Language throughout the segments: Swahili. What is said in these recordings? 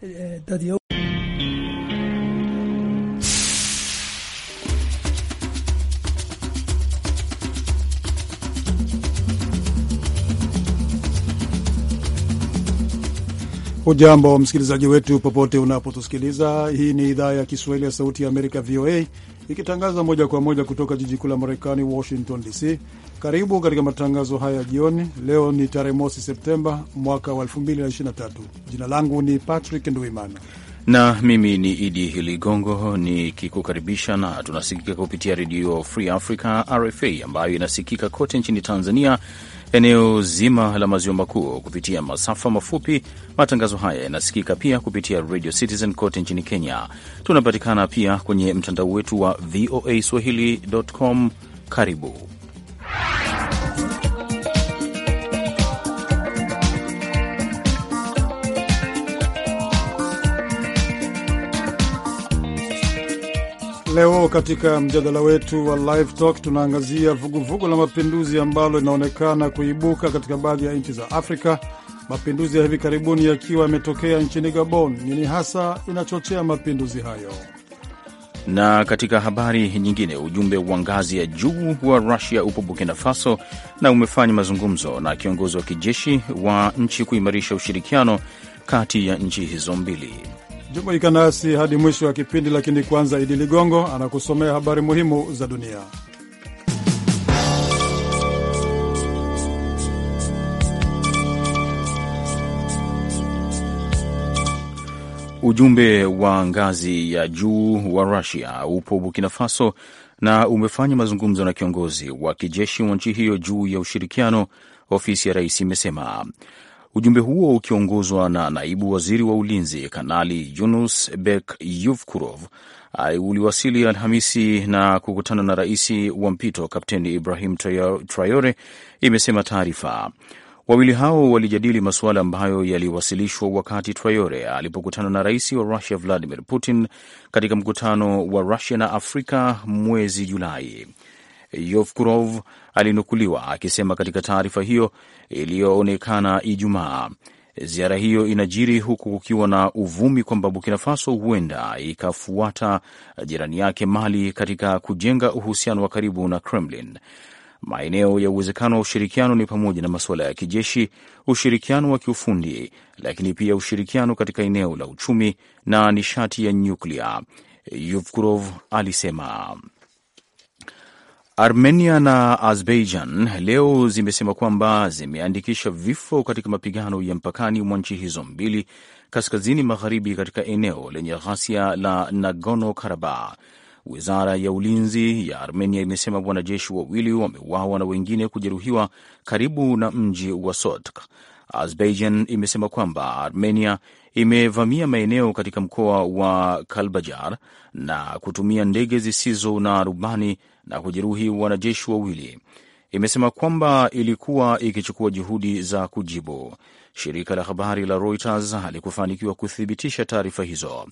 ujambo hujambo msikilizaji wetu popote unapotusikiliza. Hii ni idhaa ya Kiswahili ya Sauti ya Amerika, VOA ikitangaza moja kwa moja kutoka jiji kuu la Marekani, Washington DC. Karibu katika matangazo haya jioni. Leo ni tarehe mosi Septemba mwaka wa 2023. Jina langu ni Patrick Nduimana na mimi ni Idi Ligongo nikikukaribisha, na tunasikika kupitia redio Free Africa RFA ambayo inasikika kote nchini Tanzania eneo zima la maziwa makuu kupitia masafa mafupi. Matangazo haya yanasikika pia kupitia Radio Citizen kote nchini Kenya. Tunapatikana pia kwenye mtandao wetu wa VOA swahili.com. Karibu Leo katika mjadala wetu wa Live Talk tunaangazia vuguvugu la mapinduzi ambalo linaonekana kuibuka katika baadhi ya nchi za Afrika, mapinduzi ya hivi karibuni yakiwa yametokea nchini Gabon. Nini hasa inachochea mapinduzi hayo? Na katika habari nyingine, ujumbe wa ngazi ya juu wa Rusia upo Burkina Faso na umefanya mazungumzo na kiongozi wa kijeshi wa nchi kuimarisha ushirikiano kati ya nchi hizo mbili. Jumuika nasi hadi mwisho wa kipindi, lakini kwanza Idi Ligongo anakusomea habari muhimu za dunia. Ujumbe wa ngazi ya juu wa Rusia upo Burkina Faso na umefanya mazungumzo na kiongozi wa kijeshi wa nchi hiyo juu ya ushirikiano, ofisi ya rais imesema. Ujumbe huo ukiongozwa na naibu waziri wa ulinzi Kanali Yunus Bek Yuvkurov uliwasili Alhamisi na kukutana na rais wa mpito Kapteni Ibrahim Traore, imesema taarifa. Wawili hao walijadili masuala ambayo yaliwasilishwa wakati Traore alipokutana na rais wa Russia Vladimir Putin katika mkutano wa Russia na Afrika mwezi Julai. Yovkurov alinukuliwa akisema katika taarifa hiyo iliyoonekana Ijumaa. Ziara hiyo inajiri huku kukiwa na uvumi kwamba Burkina Faso huenda ikafuata jirani yake Mali katika kujenga uhusiano wa karibu na Kremlin. Maeneo ya uwezekano wa ushirikiano ni pamoja na masuala ya kijeshi, ushirikiano wa kiufundi, lakini pia ushirikiano katika eneo la uchumi na nishati ya nyuklia, Yevkurov alisema. Armenia na Azerbaijan leo zimesema kwamba zimeandikisha vifo katika mapigano ya mpakani mwa nchi hizo mbili kaskazini magharibi katika eneo lenye ghasia la Nagorno Karabakh. Wizara ya ulinzi ya Armenia imesema wanajeshi wawili wameuawa na wengine kujeruhiwa karibu na mji wa Sotk. Azerbaijan imesema kwamba Armenia imevamia maeneo katika mkoa wa Kalbajar na kutumia ndege zisizo na rubani na kujeruhi wanajeshi wawili. Imesema kwamba ilikuwa ikichukua juhudi za kujibu. Shirika la habari la Reuters halikufanikiwa kuthibitisha taarifa hizo.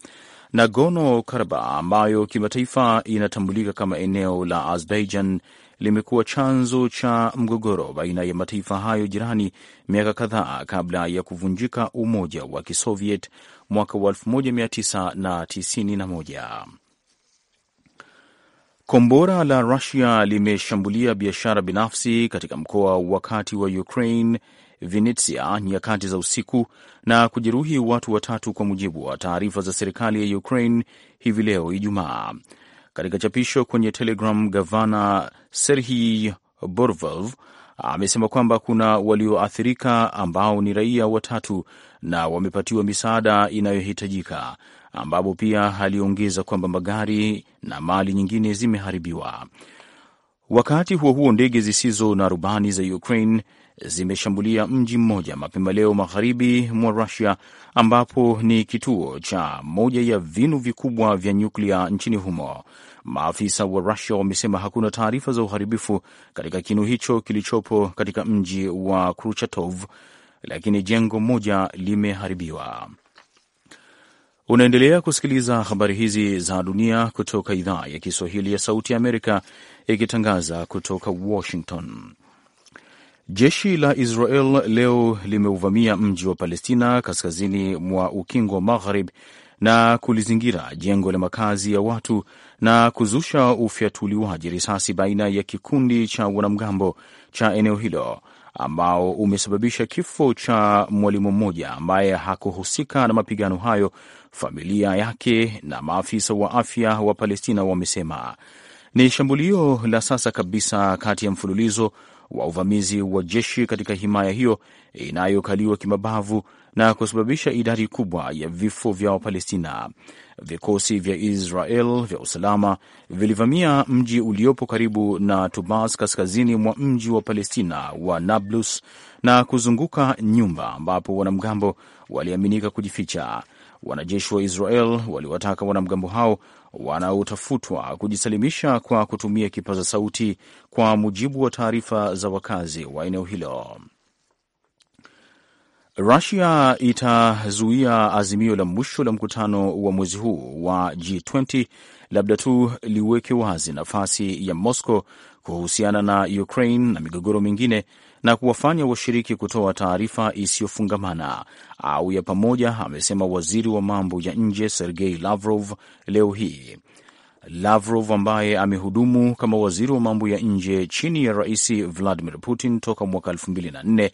Nagorno Karabakh, ambayo kimataifa inatambulika kama eneo la Azerbaijan, limekuwa chanzo cha mgogoro baina ya mataifa hayo jirani miaka kadhaa kabla ya kuvunjika Umoja wa Kisoviet mwaka wa 1991. Kombora la Rusia limeshambulia biashara binafsi katika mkoa wa kati wa Ukraine Vinitsia nyakati za usiku na kujeruhi watu watatu, kwa mujibu wa taarifa za serikali ya Ukraine hivi leo Ijumaa. Katika chapisho kwenye Telegram, gavana Serhiy borvov amesema kwamba kuna walioathirika ambao ni raia watatu na wamepatiwa misaada inayohitajika ambapo pia aliongeza kwamba magari na mali nyingine zimeharibiwa. Wakati huo huo, ndege zisizo na rubani za Ukraine zimeshambulia mji mmoja mapema leo magharibi mwa Rusia, ambapo ni kituo cha moja ya vinu vikubwa vya nyuklia nchini humo. Maafisa wa Rusia wamesema hakuna taarifa za uharibifu katika kinu hicho kilichopo katika mji wa kruchatov lakini jengo moja limeharibiwa. Unaendelea kusikiliza habari hizi za dunia kutoka idhaa ya Kiswahili ya Sauti ya Amerika ikitangaza kutoka Washington. Jeshi la Israel leo limeuvamia mji wa Palestina kaskazini mwa ukingo wa Magharib na kulizingira jengo la makazi ya watu na kuzusha ufyatuliwaji risasi baina ya kikundi cha wanamgambo cha eneo hilo ambao umesababisha kifo cha mwalimu mmoja ambaye hakuhusika na mapigano hayo familia yake na maafisa wa afya wa Palestina wamesema ni shambulio la sasa kabisa kati ya mfululizo wa uvamizi wa jeshi katika himaya hiyo inayokaliwa kimabavu na kusababisha idadi kubwa ya vifo vya Wapalestina. Vikosi vya Israel vya usalama vilivamia mji uliopo karibu na Tubas, kaskazini mwa mji wa Palestina wa Nablus, na kuzunguka nyumba ambapo wanamgambo waliaminika kujificha. Wanajeshi wa Israel waliwataka wanamgambo hao wanaotafutwa kujisalimisha kwa kutumia kipaza sauti, kwa mujibu wa taarifa za wakazi wa eneo hilo. Rusia itazuia azimio la mwisho la mkutano wa mwezi huu wa G20 labda tu liweke wazi nafasi ya Moscow kuhusiana na Ukraine na migogoro mingine na kuwafanya washiriki kutoa taarifa isiyofungamana au ya pamoja, amesema waziri wa mambo ya nje Sergei Lavrov leo hii. Lavrov ambaye amehudumu kama waziri wa mambo ya nje chini ya rais Vladimir Putin toka mwaka 2004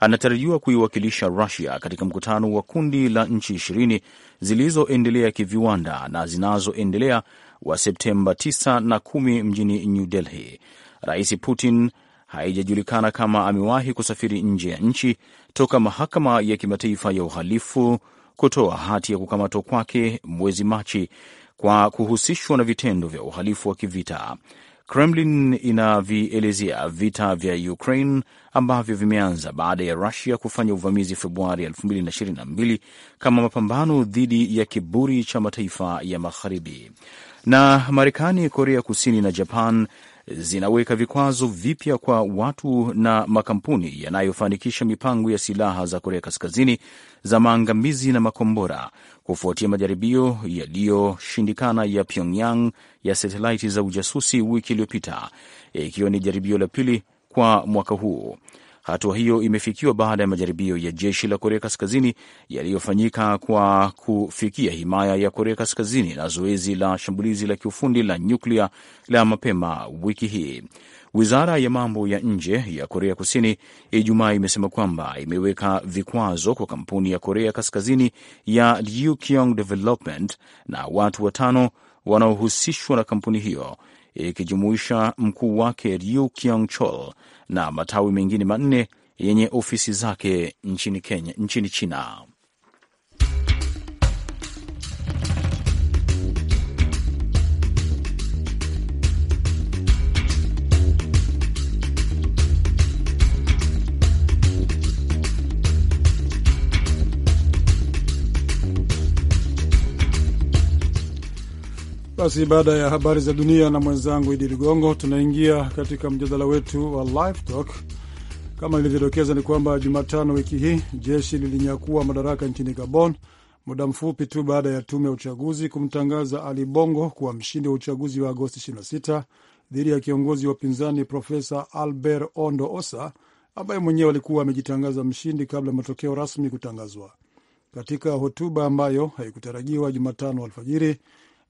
anatarajiwa kuiwakilisha Rusia katika mkutano wa kundi la nchi ishirini zilizoendelea kiviwanda na zinazoendelea wa Septemba 9 na 10 mjini New Delhi. Rais Putin haijajulikana kama amewahi kusafiri nje ya nchi toka mahakama ya kimataifa ya uhalifu kutoa hati ya kukamatwa kwake mwezi Machi kwa kuhusishwa na vitendo vya uhalifu wa kivita. Kremlin inavielezea vita vya Ukraine ambavyo vimeanza baada ya Rusia kufanya uvamizi Februari 2022 kama mapambano dhidi ya kiburi cha mataifa ya Magharibi. Na Marekani, Korea Kusini na Japan zinaweka vikwazo vipya kwa watu na makampuni yanayofanikisha mipango ya silaha za Korea Kaskazini za maangamizi na makombora kufuatia majaribio yaliyoshindikana ya Pyongyang ya satelaiti za ujasusi wiki iliyopita, ikiwa ni jaribio la pili kwa mwaka huu. Hatua hiyo imefikiwa baada ya majaribio ya jeshi la Korea Kaskazini yaliyofanyika kwa kufikia himaya ya Korea Kaskazini na zoezi la shambulizi la kiufundi la nyuklia la mapema wiki hii. Wizara ya mambo ya nje ya Korea Kusini Ijumaa imesema kwamba imeweka vikwazo kwa kampuni ya Korea Kaskazini ya Ryukyong Development na watu watano wanaohusishwa na kampuni hiyo ikijumuisha mkuu wake Ryu Kyong Chol na matawi mengine manne yenye ofisi zake nchini Kenya, nchini China. Basi baada ya habari za dunia na mwenzangu Idi Ligongo, tunaingia katika mjadala wetu wa Live Talk. Kama ilivyodokeza, ni kwamba Jumatano wiki hii jeshi lilinyakua madaraka nchini Gabon muda mfupi tu baada ya tume ya uchaguzi kumtangaza Ali Bongo kuwa mshindi wa uchaguzi wa Agosti 26 dhidi ya kiongozi wa upinzani Profesa Albert Ondo Osa ambaye mwenyewe alikuwa amejitangaza mshindi kabla ya matokeo rasmi kutangazwa. Katika hotuba ambayo haikutarajiwa Jumatano alfajiri,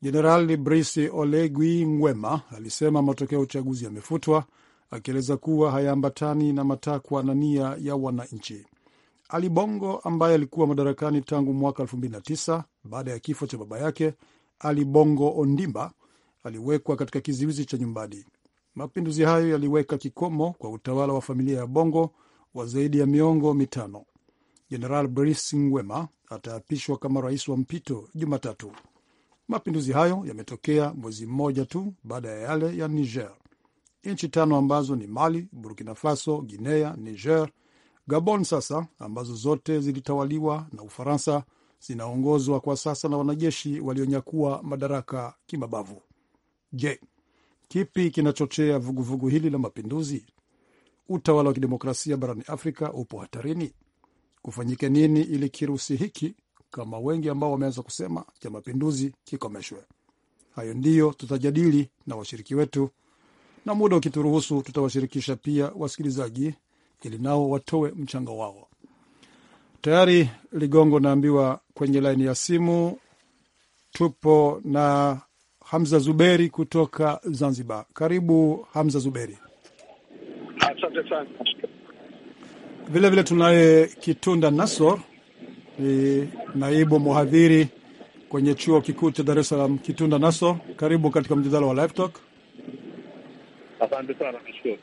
Jenerali Brice Oligui Nguema alisema matokeo ya uchaguzi yamefutwa, akieleza kuwa hayaambatani na matakwa na nia ya wananchi. Ali Bongo ambaye alikuwa madarakani tangu mwaka 2009 baada ya kifo cha baba yake Ali Bongo Ondimba aliwekwa katika kizuizi cha nyumbani. Mapinduzi hayo yaliweka kikomo kwa utawala wa familia ya Bongo wa zaidi ya miongo mitano. Jeneral Brice Ngwema ataapishwa kama rais wa mpito Jumatatu. Mapinduzi hayo yametokea mwezi mmoja tu baada ya yale ya Niger. Nchi tano ambazo ni Mali, Burkina Faso, Guinea, Niger, Gabon sasa ambazo zote zilitawaliwa na Ufaransa zinaongozwa kwa sasa na wanajeshi walionyakua madaraka kimabavu. Je, kipi kinachochea vuguvugu hili la mapinduzi? Utawala wa kidemokrasia barani Afrika upo hatarini? Kufanyike nini ili kirusi hiki kama wengi ambao wameanza kusema cha mapinduzi kikomeshwe. Hayo ndiyo tutajadili na washiriki wetu, na muda ukituruhusu, tutawashirikisha pia wasikilizaji ili nao watoe mchango wao. Tayari Ligongo naambiwa kwenye laini ya simu tupo na Hamza Zuberi kutoka Zanzibar. Karibu Hamza Zuberi. Asante sana. Vilevile tunaye Kitunda Nasor ni naibu mhadhiri kwenye chuo kikuu cha Dar es Salaam Kitunda Naso. Karibu katika mjadala wa Live Talk. Asante sana, nashukuru.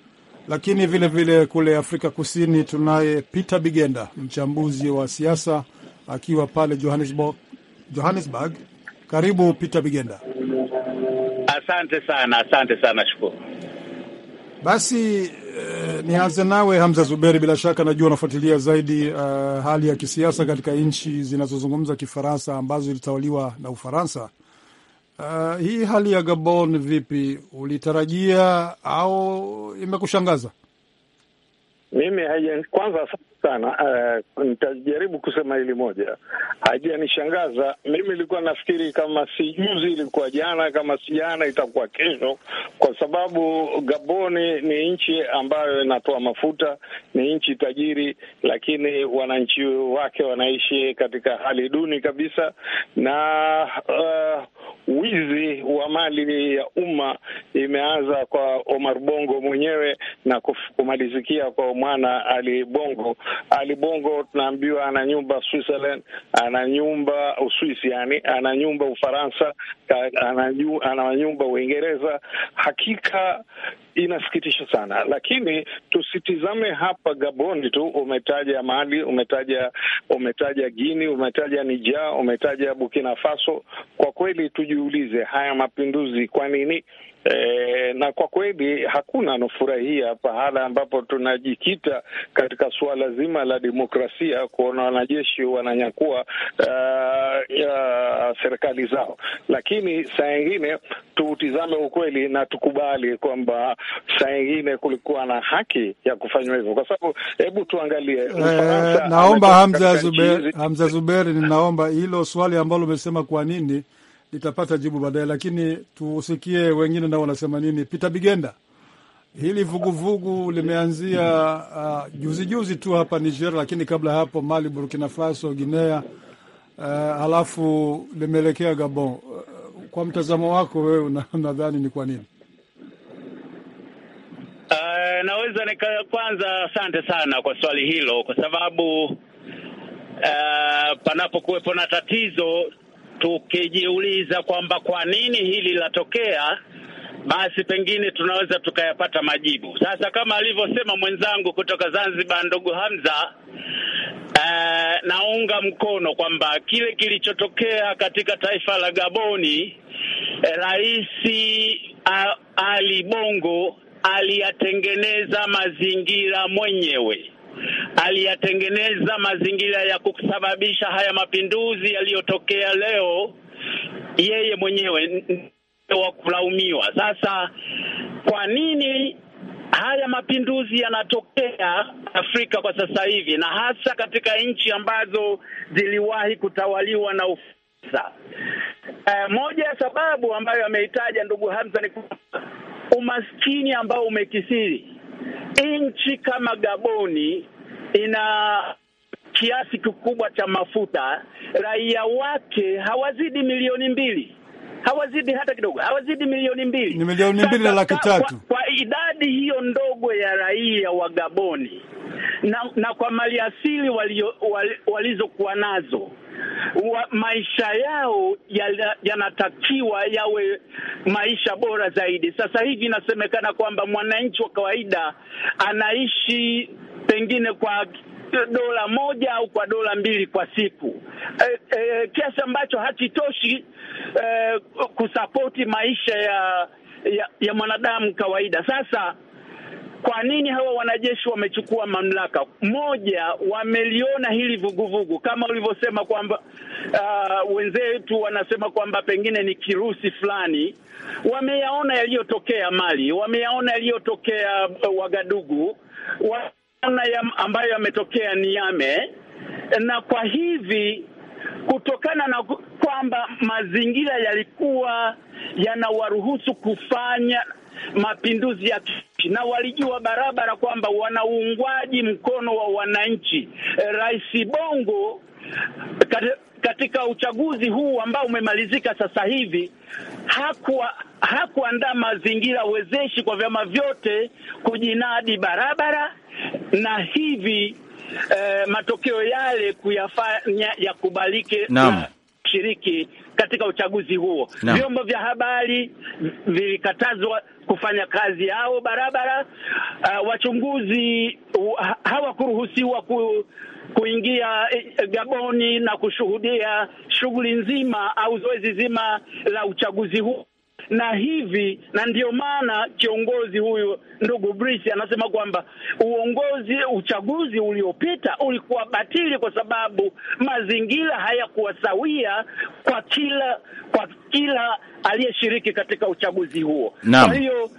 Lakini vile vile kule Afrika Kusini tunaye Peter Bigenda, mchambuzi wa siasa akiwa pale Johannesburg. Johannesburg, karibu Peter Bigenda. Asante sana, asante sana, shukuru. Basi eh, nianze nawe Hamza Zuberi, bila shaka najua unafuatilia zaidi uh, hali ya kisiasa katika nchi zinazozungumza Kifaransa ambazo ilitawaliwa na Ufaransa. Uh, hii hali ya Gabon vipi, ulitarajia au imekushangaza? Mimi haja kwanza, asante sana. Uh, nitajaribu kusema hili moja, hajanishangaza mimi. Nilikuwa nafikiri kama si juzi, ilikuwa jana, kama si jana itakuwa kesho, kwa sababu Gaboni ni nchi ambayo inatoa mafuta, ni nchi tajiri, lakini wananchi wake wanaishi katika hali duni kabisa, na uh, wizi wa mali ya umma imeanza kwa Omar Bongo mwenyewe na kumalizikia kwa mwana Ali Bongo. Ali Bongo tunaambiwa ana nyumba Switzerland, ana nyumba Uswisi, yani ana nyumba Ufaransa, ana nyumba Uingereza. Hakika inasikitisha sana, lakini tusitizame hapa Gaboni tu. Umetaja Mali, umetaja umetaja Guini, umetaja Nija, umetaja Burkina Faso. Kwa kweli tujiulize, haya mapinduzi kwa nini E, na kwa kweli hakuna anofurahia pahala ambapo tunajikita katika suala zima la demokrasia, kuona wanajeshi wananyakua uh, ya serikali zao, lakini saa yingine tutizame ukweli na tukubali kwamba saa ingine kulikuwa na haki ya kufanywa hivyo, kwa sababu hebu tuangalie e, naomba Hamza Zuberi, Hamza Zuberi, ninaomba hilo swali ambalo umesema kwa nini litapata jibu baadaye, lakini tusikie wengine nao wanasema nini. Peter Bigenda, hili vuguvugu vugu limeanzia uh, juzi juzi tu hapa Niger, lakini kabla hapo Mali, Burkina Faso, Guinea uh, halafu limeelekea Gabon. Uh, kwa mtazamo wako wewe unadhani ni kwa nini? Uh, naweza nika kwanza, asante sana kwa swali hilo, kwa sababu uh, panapokuwepo na tatizo tukijiuliza kwamba kwa nini hili latokea, basi pengine tunaweza tukayapata majibu. Sasa kama alivyosema mwenzangu kutoka Zanzibar, ndugu Hamza, eh, naunga mkono kwamba kile kilichotokea katika taifa la Gaboni, eh, Rais ah, Ali Bongo aliyatengeneza mazingira mwenyewe aliyatengeneza mazingira ya kusababisha haya mapinduzi yaliyotokea leo, yeye mwenyewe wa kulaumiwa. Sasa kwa nini haya mapinduzi yanatokea Afrika kwa sasa hivi, na hasa katika nchi ambazo ziliwahi kutawaliwa na Ufaransa? Uh, moja ya sababu ambayo ameitaja ndugu Hamza ni umaskini ambao umekisiri nchi kama Gaboni ina kiasi kikubwa cha mafuta, raia wake hawazidi milioni mbili hawazidi hata kidogo, hawazidi milioni mbili, ni milioni mbili na laki tatu kwa, kwa idadi hiyo ndogo ya raia wa Gaboni na, na kwa asili walizokuwa nazo wa, maisha yao yanatakiwa ya yawe maisha bora zaidi. Sasa hivi inasemekana kwamba mwananchi wa kawaida anaishi pengine kwa dola moja au kwa dola mbili kwa siku e, e, kiasi ambacho hakitoshi e, kusapoti maisha ya, ya, ya mwanadamu kawaida. Sasa kwa nini hawa wanajeshi wamechukua mamlaka? Moja, wameliona hili vuguvugu vugu, kama ulivyosema kwamba uh, wenzetu wanasema kwamba pengine ni kirusi fulani. Wameyaona yaliyotokea Mali, wameyaona yaliyotokea Wagadugu wa sana ya ambayo yametokea Niame, na kwa hivi kutokana na kwamba mazingira yalikuwa yanawaruhusu kufanya mapinduzi ya kijeshi na walijua barabara kwamba wanaungwaji mkono wa wananchi. Eh, Rais Bongo katika uchaguzi huu ambao umemalizika sasa hivi hakuwa hakuandaa mazingira wezeshi kwa vyama vyote kujinadi barabara na hivi eh, matokeo yale kuyafanya yakubalike na kushiriki katika uchaguzi huo. Vyombo vya habari vilikatazwa kufanya kazi yao barabara. Uh, wachunguzi hawakuruhusiwa ku kuingia e, e, Gaboni na kushuhudia shughuli nzima au zoezi zima la uchaguzi huu na hivi, na ndio maana kiongozi huyu ndugu Brice anasema kwamba uongozi, uchaguzi uliopita ulikuwa batili kwa sababu mazingira hayakuwa sawia kwa kila kwa kila aliyeshiriki katika uchaguzi huo. Kwa hiyo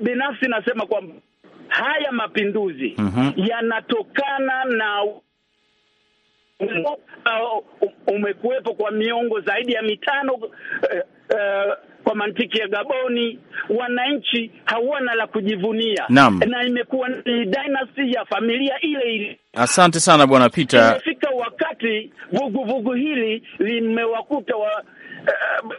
binafsi nasema kwamba haya mapinduzi mm -hmm. yanatokana na umekuwepo kwa miongo zaidi ya mitano uh, uh, kwa mantiki ya Gaboni, wananchi hawana la kujivunia Nam. na imekuwa ni dynasty ya familia ile ile. Asante sana Bwana Peter. Imefika wakati vuguvugu vugu hili limewakuta wa, Eh,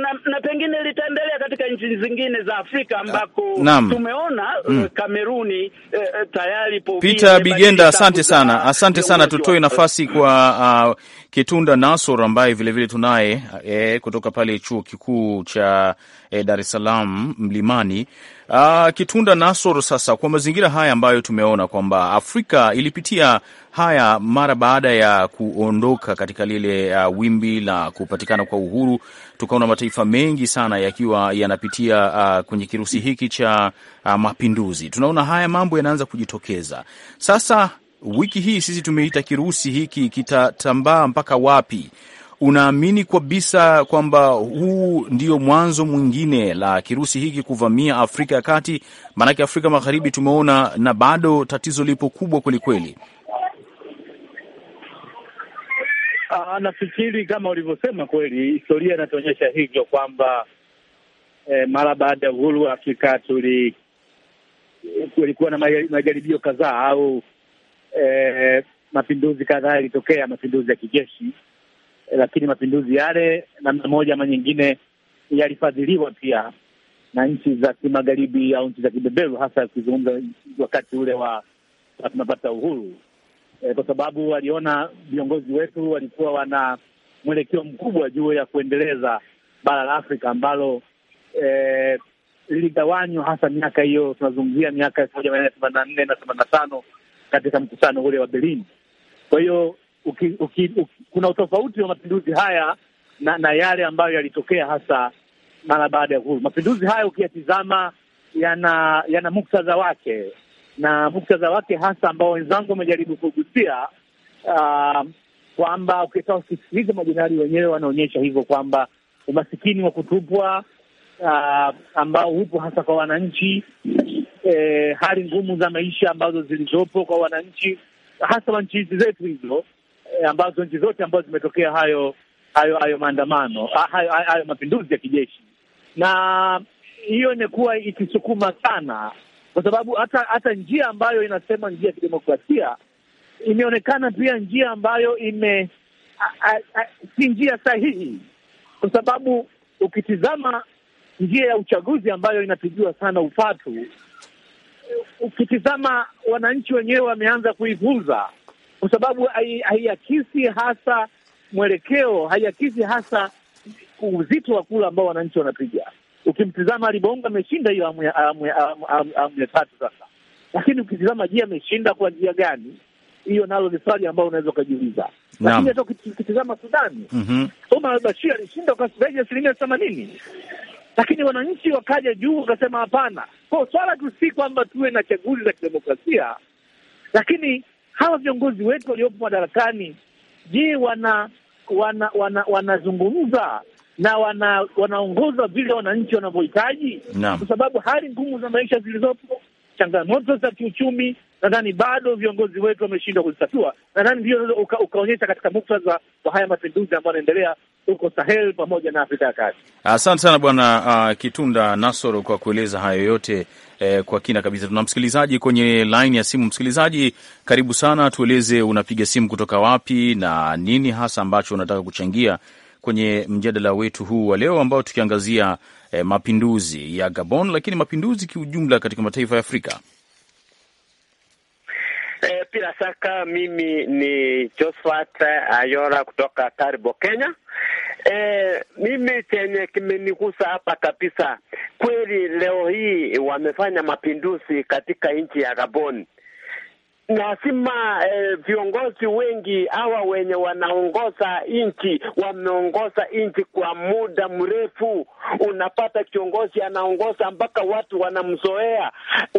na, na pengine litaendelea katika nchi zingine za Afrika ambako Naam. tumeona eh, mm. Kameruni eh, eh, tayari po Peter Bigenda, asante sana, asante sana. Tutoe nafasi kwa uh, Kitunda Nasor ambaye vilevile tunaye eh, kutoka pale chuo kikuu cha eh, Dar es Salaam Mlimani. Uh, Kitunda Nasor, sasa kwa mazingira haya ambayo tumeona kwamba Afrika ilipitia haya mara baada ya kuondoka katika lile uh, wimbi la kupatikana kwa uhuru, tukaona mataifa mengi sana yakiwa yanapitia uh, kwenye kirusi hiki cha uh, mapinduzi. Tunaona haya mambo yanaanza kujitokeza sasa. Wiki hii sisi tumeita kirusi hiki kitatambaa mpaka wapi? unaamini kabisa kwamba huu ndio mwanzo mwingine la kirusi hiki kuvamia Afrika ya Kati? Maanake Afrika Magharibi tumeona na bado tatizo lipo kubwa kwelikweli. Ah, nafikiri kama ulivyosema kweli, historia inatuonyesha hivyo kwamba e, mara baada ya uhuru wa Afrika tuli kulikuwa na majaribio kadhaa au e, mapinduzi kadhaa yalitokea, mapinduzi ya kijeshi Eh, lakini mapinduzi yale namna moja ama nyingine yalifadhiliwa pia na nchi za kimagharibi au nchi za kibeberu, hasa ukizungumza wakati ule wa tunapata uhuru e, kwa sababu waliona viongozi wetu walikuwa wana mwelekeo mkubwa juu ya kuendeleza bara la Afrika ambalo e, eh, liligawanywa hasa miaka hiyo, tunazungumzia miaka elfu moja mia nne themanini na nne na themanini na tano katika mkutano ule wa Berlin. Kwa hiyo uki, uki, uki, kuna utofauti wa mapinduzi haya na, na yale ambayo yalitokea hasa mara baada ya uhuru. Mapinduzi haya ukiyatizama, yana yana muktadha wake na muktadha wake hasa ambao wenzangu wamejaribu kugusia uh, kwamba ukitaa ukisikiliza majenerali wenyewe wanaonyesha hivyo kwamba umasikini wa kutupwa uh, ambao hupo hasa kwa wananchi eh, hali ngumu za maisha ambazo zilizopo kwa wananchi hasa wa nchi hizi zetu hizo Eh, ambazo nchi zote ambazo zimetokea hayo hayo hayo maandamano hayo, hayo mapinduzi ya kijeshi, na hiyo imekuwa ikisukuma sana, kwa sababu hata hata njia ambayo inasema njia ya kidemokrasia imeonekana pia njia ambayo ime si njia sahihi, kwa sababu ukitizama njia ya uchaguzi ambayo inapigiwa sana upatu, ukitizama wananchi wenyewe wameanza kuipuuza kwa sababu haiakisi hasa mwelekeo, haiakisi hasa uzito wa kula ambao wananchi wanapiga. Ukimtizama Ali ameshinda hiyo awamu ya tatu sasa, lakini ukitizama, je, ameshinda kwa njia gani? Hiyo nalo ni swali ambayo unaweza ukajiuliza. Lakini hata ukitizama Sudani, mhm. Omar -hmm. bashir alishinda kwa zaidi ya asilimia themanini, lakini wananchi wakaja juu wakasema hapana. Kwa swala tu si kwamba tuwe na chaguzi za kidemokrasia, lakini hawa viongozi wetu waliopo madarakani, je, wana wanazungumza wana, wana na wana, wanaongoza vile wananchi wanavyohitaji? Kwa sababu hali ngumu za maisha zilizopo, changamoto za kiuchumi, nadhani bado viongozi wetu wameshindwa kuzitatua. Nadhani ndio uka, ukaonyesha katika muktadha wa haya mapinduzi ambayo yanaendelea huko Sahel pamoja na Afrika ya Kati. Asante sana bwana uh, Kitunda Nasoro kwa kueleza hayo yote eh, kwa kina kabisa. Tuna msikilizaji kwenye laini ya simu. Msikilizaji, karibu sana, tueleze unapiga simu kutoka wapi na nini hasa ambacho unataka kuchangia kwenye mjadala wetu huu wa leo ambao tukiangazia eh, mapinduzi ya Gabon, lakini mapinduzi kiujumla katika mataifa ya Afrika. E, bila shaka mimi ni Josphat Ayora kutoka Taribo, Kenya. E, mimi chenye kimenigusa hapa kabisa kweli, leo hii wamefanya mapinduzi katika nchi ya Gabon. Lazima eh, viongozi wengi hawa wenye wanaongoza nchi wameongoza nchi kwa muda mrefu. Unapata kiongozi anaongoza mpaka watu wanamzoea.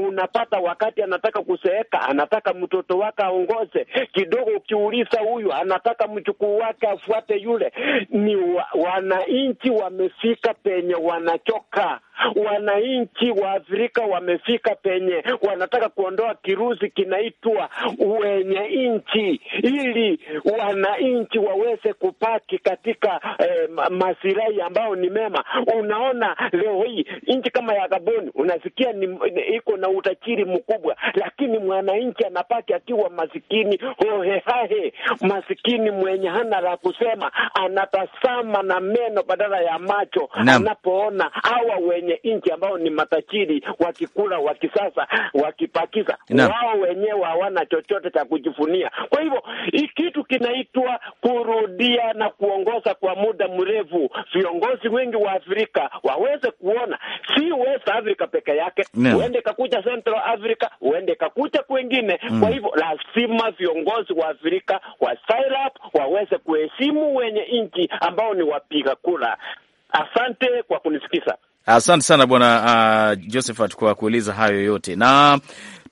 Unapata wakati anataka kuseeka, anataka mtoto wake aongoze kidogo. Ukiuliza huyu anataka mjukuu wake afuate yule. Ni wa, wananchi wamefika penye wanachoka. Wananchi wa Afrika wamefika penye wanataka kuondoa kirusi kinaitwa kuwa wenye nchi ili wananchi waweze kupaki katika eh, masilahi ambayo ni mema. Unaona leo hii nchi kama ya Gaboni unasikia ni, iko na utajiri mkubwa, lakini mwananchi anapaki akiwa masikini hohehahe, masikini mwenye hana la kusema, anatazama na meno badala ya macho anapoona hawa wenye nchi ambao ni matajiri wakikula, wakisasa, wakipakiza wao wenyewe hawana chochote cha kujifunia. Kwa hivyo hii kitu kinaitwa kurudia na kuongoza kwa muda mrefu. Viongozi wengi wa Afrika waweze kuona, si West Africa peke yake, huende ikakuja Central Africa, huende ikakuja kwengine. Mm. Kwa hivyo lazima viongozi wa Afrika wa up waweze kuheshimu wenye nchi ambao ni wapiga kura. Asante kwa kunisikiza. Asante sana bwana uh, Josephat kwa kueleza hayo yote na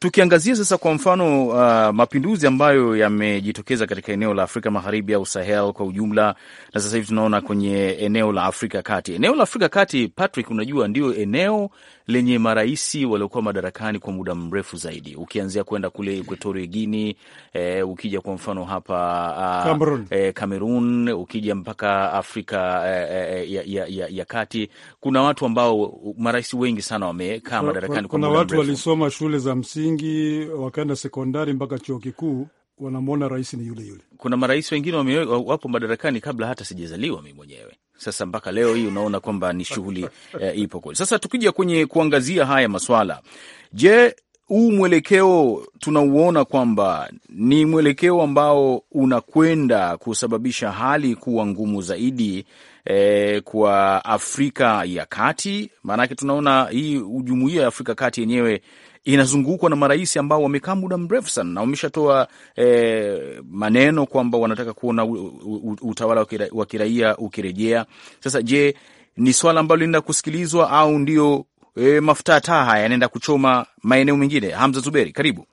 Tukiangazia sasa kwa mfano uh, mapinduzi ambayo yamejitokeza katika eneo la Afrika Magharibi au Sahel kwa ujumla, na sasa hivi tunaona kwenye eneo la Afrika Kati. Eneo la Afrika Kati, Patrick, unajua ndio eneo lenye maraisi waliokuwa madarakani kwa muda mrefu zaidi, ukianzia kwenda kule Equatorial Guinea, e, ukija kwa mfano hapa ah, Cameroon, e, ukija mpaka Afrika e, e, ya, ya, ya kati. Kuna watu ambao maraisi wengi sana wamekaa madarakani. Kuna watu walisoma shule za msingi wakaenda sekondari mpaka chuo kikuu wanamwona rais ni yule yule. Kuna marais wengine wapo madarakani kabla hata sijazaliwa mi mwenyewe. Sasa mpaka leo hii unaona kwamba ni shughuli eh, ipo kweli. Sasa tukija kwenye kuangazia haya maswala, je, huu mwelekeo tunauona kwamba ni mwelekeo ambao unakwenda kusababisha hali kuwa ngumu zaidi eh, kwa Afrika ya Kati? Maanake tunaona hii jumuiya ya Afrika Kati yenyewe inazungukwa na marais ambao wamekaa muda mrefu sana na wameshatoa eh, maneno kwamba wanataka kuona utawala wa kiraia ukirejea. Sasa je, ni swala ambalo linaenda kusikilizwa au ndio E, mafuta taa haya yanaenda kuchoma maeneo mengine. Hamza Zuberi, karibu.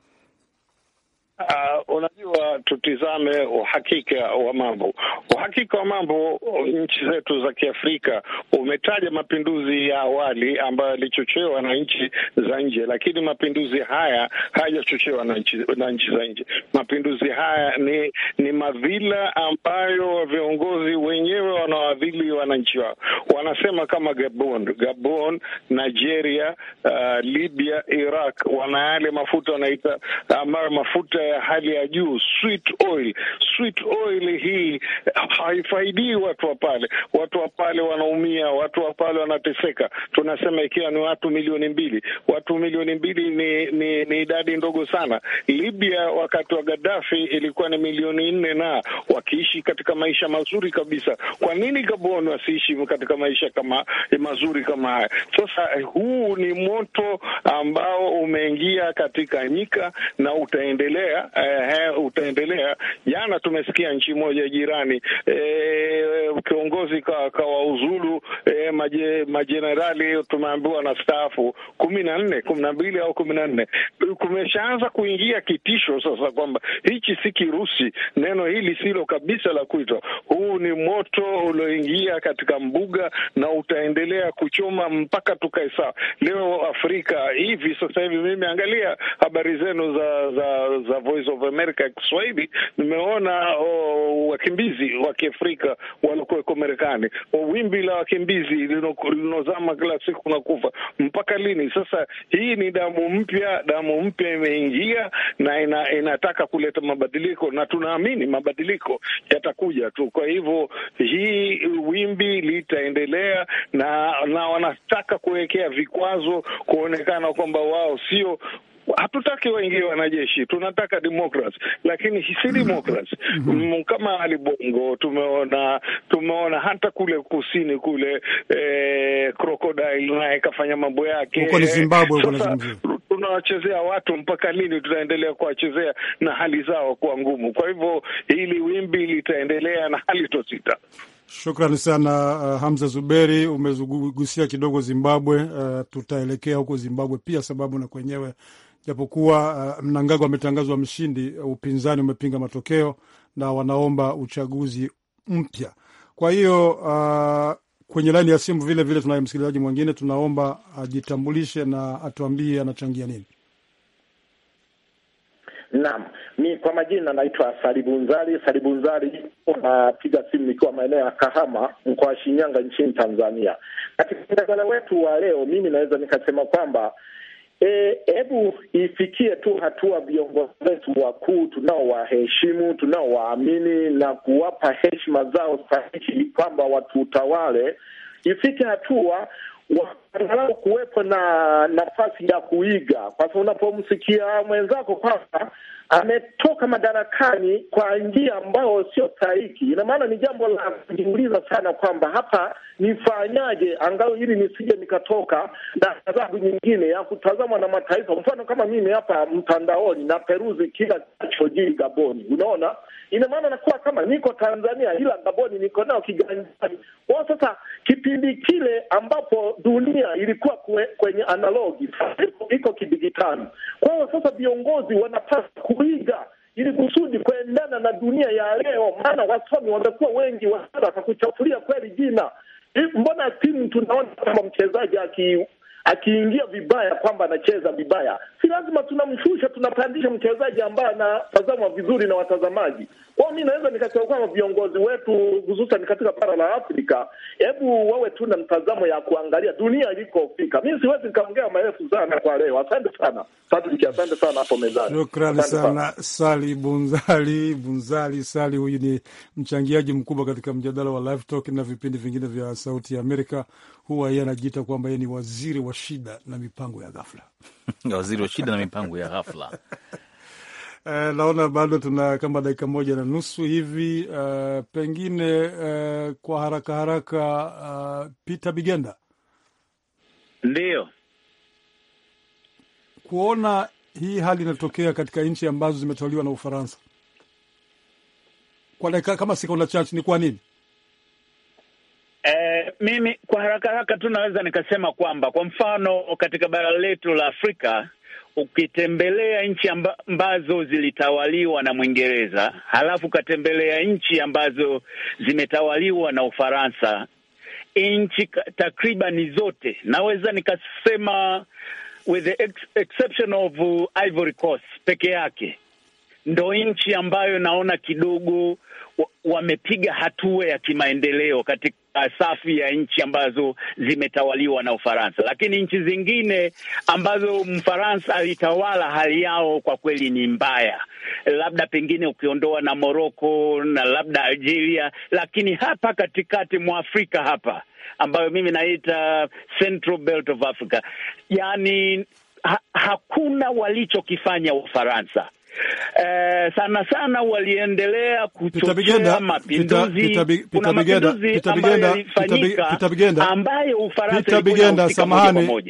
Uh, unajua tutizame uhakika wa mambo. Uhakika wa mambo nchi zetu za Kiafrika umetaja mapinduzi ya awali ambayo yalichochewa na nchi za nje, lakini mapinduzi haya hayajachochewa na nchi na nchi za nje. Mapinduzi haya ni ni madhila ambayo viongozi wenyewe wanawadhili wananchi wao, wanasema kama Gabon, Gabon, Nigeria, uh, Libya, Iraq wana yale mafuta wanaita ambayo mafuta ya hali ya juu sweet oil. Sweet oil hii haifaidii watu wa pale. Watu wa pale wanaumia, watu wa pale wanateseka. Tunasema ikiwa ni watu milioni mbili, watu milioni mbili ni, ni, ni idadi ndogo sana. Libya wakati wa Gaddafi ilikuwa ni milioni nne na wakiishi katika maisha mazuri kabisa. Kwa nini Gabon wasiishi katika maisha kama mazuri kama haya? Sasa eh, huu ni moto ambao umeingia katika nyika na utaendelea, eh, eh utaendelea yanaendelea. Jana tumesikia nchi moja jirani e, kiongozi kawauzulu ka e, maje, majenerali tumeambiwa na staafu kumi na nne kumi na mbili au kumi na nne. Kumeshaanza kuingia kitisho sasa kwamba hichi si Kirusi, neno hili silo kabisa la kuitwa. Huu ni moto ulioingia katika mbuga na utaendelea kuchoma mpaka tukae sawa. Leo Afrika hivi sasa hivi, mimi angalia habari zenu za za, za Voice of America kwa hivi nimeona wakimbizi wa Kiafrika walokuweko Marekani, wimbi la wakimbizi linozama kila siku na kufa. Mpaka lini sasa? Hii ni damu mpya, damu mpya imeingia na ina, inataka kuleta mabadiliko, na tunaamini mabadiliko yatakuja tu. Kwa hivyo hii wimbi litaendelea, na na wanataka kuwekea vikwazo kuonekana kwamba wao sio Hatutaki waingie wanajeshi, tunataka demokrasi, lakini si mm-hmm. demokrasi mm-hmm. mm, kama Ali Bongo. Tumeona tumeona hata kule kusini kule, eh, Crocodile naye kafanya mambo yake huko, ni Zimbabwe. Tunawachezea watu mpaka lini? Tutaendelea kuwachezea na hali zao kuwa ngumu. Kwa hivyo hili wimbi litaendelea na hali tosita. Shukrani sana uh, Hamza Zuberi, umezugusia kidogo Zimbabwe. Uh, tutaelekea huko Zimbabwe pia, sababu na kwenyewe japokuwa uh, Mnangagwa ametangazwa mshindi, uh, upinzani umepinga matokeo na wanaomba uchaguzi mpya. Kwa hiyo uh, kwenye laini ya simu vile vile tunaye msikilizaji mwingine, tunaomba ajitambulishe na atuambie anachangia nini. Naam, mi kwa majina naitwa Salibunzari Salibunzari, napiga simu nikiwa maeneo ya Kahama, mkoa wa Shinyanga, nchini Tanzania. Katika mjadala wetu wa leo, mimi naweza nikasema kwamba Hebu e, ifikie tu hatua viongozi wetu wakuu tunaowaheshimu, tunaowaamini na kuwapa heshima zao sahihi, kwamba watu utawale ifike hatua wa angalau kuwepo na nafasi ya kuiga, kwa sababu unapomsikia mwenzako kwamba ametoka madarakani kwa njia ambayo sio sahihi, ina maana ni jambo la kujiuliza sana kwamba hapa nifanyaje angalau ili nisije nikatoka na adhabu nyingine ya kutazamwa na mataifa. Mfano kama mimi hapa mtandaoni na peruzi kila kinachojiri Gaboni, unaona, ina maana nakuwa kama niko Tanzania, ila Gaboni niko nao kiganjani. Kwa sasa kipindi kile ambapo dunia dunia ilikuwa kwe, kwenye analogi, iko kidigitali. Kwa hiyo sasa viongozi wanapaswa kuiga ili kusudi kuendana na dunia ya leo, maana wasomi wamekuwa wengi wasara kakuchafulia kweli jina. Mbona timu tunaona kama mchezaji aki akiingia vibaya kwamba anacheza vibaya, si lazima tunamshusha, tunapandisha mchezaji ambaye anatazamwa vizuri na watazamaji. Kwao mi naweza nikasema kwamba viongozi wetu hususan katika bara la Afrika, hebu wawe tu na mtazamo ya kuangalia dunia ilikofika. Mi siwezi nikaongea marefu sana kwa leo. Asante sana Patrick, asante sana hapo mezani. Shukrani sana Sali Bunzali Bunzali Sali, huyu ni mchangiaji mkubwa katika mjadala wa Live Talk na vipindi vingine vya Sauti ya Amerika. Huwa yeye anajiita kwamba yeye ni waziri wa shida na mipango ya ghafla waziri wa shida na mipango ya ghafla Eh, naona uh, bado tuna kama dakika moja na nusu hivi uh, pengine uh, kwa haraka haraka uh, Peter Bigenda, ndiyo kuona hii hali inatokea katika nchi ambazo zimetawaliwa na Ufaransa kwa dakika kama sekonda chache, ni kwa nini? Eh, mimi kwa haraka haraka tu naweza nikasema kwamba kwa mfano katika bara letu la Afrika ukitembelea nchi ambazo zilitawaliwa na Mwingereza halafu ukatembelea nchi ambazo zimetawaliwa na Ufaransa, nchi takribani zote naweza nikasema with the ex exception of Ivory Coast peke yake ndo nchi ambayo naona kidogo wamepiga hatua ya kimaendeleo katika Eh, safi ya nchi ambazo zimetawaliwa na Ufaransa, lakini nchi zingine ambazo Mfaransa alitawala hali yao kwa kweli ni mbaya, labda pengine ukiondoa na Moroko na labda Algeria, lakini hapa katikati mwa Afrika hapa ambayo mimi naita Central Belt of Africa, yani ha hakuna walichokifanya Ufaransa Eh, sana sana waliendelea kuchochea mapinduzi. Kuna mapinduzi ambayo Ufaransa ambayo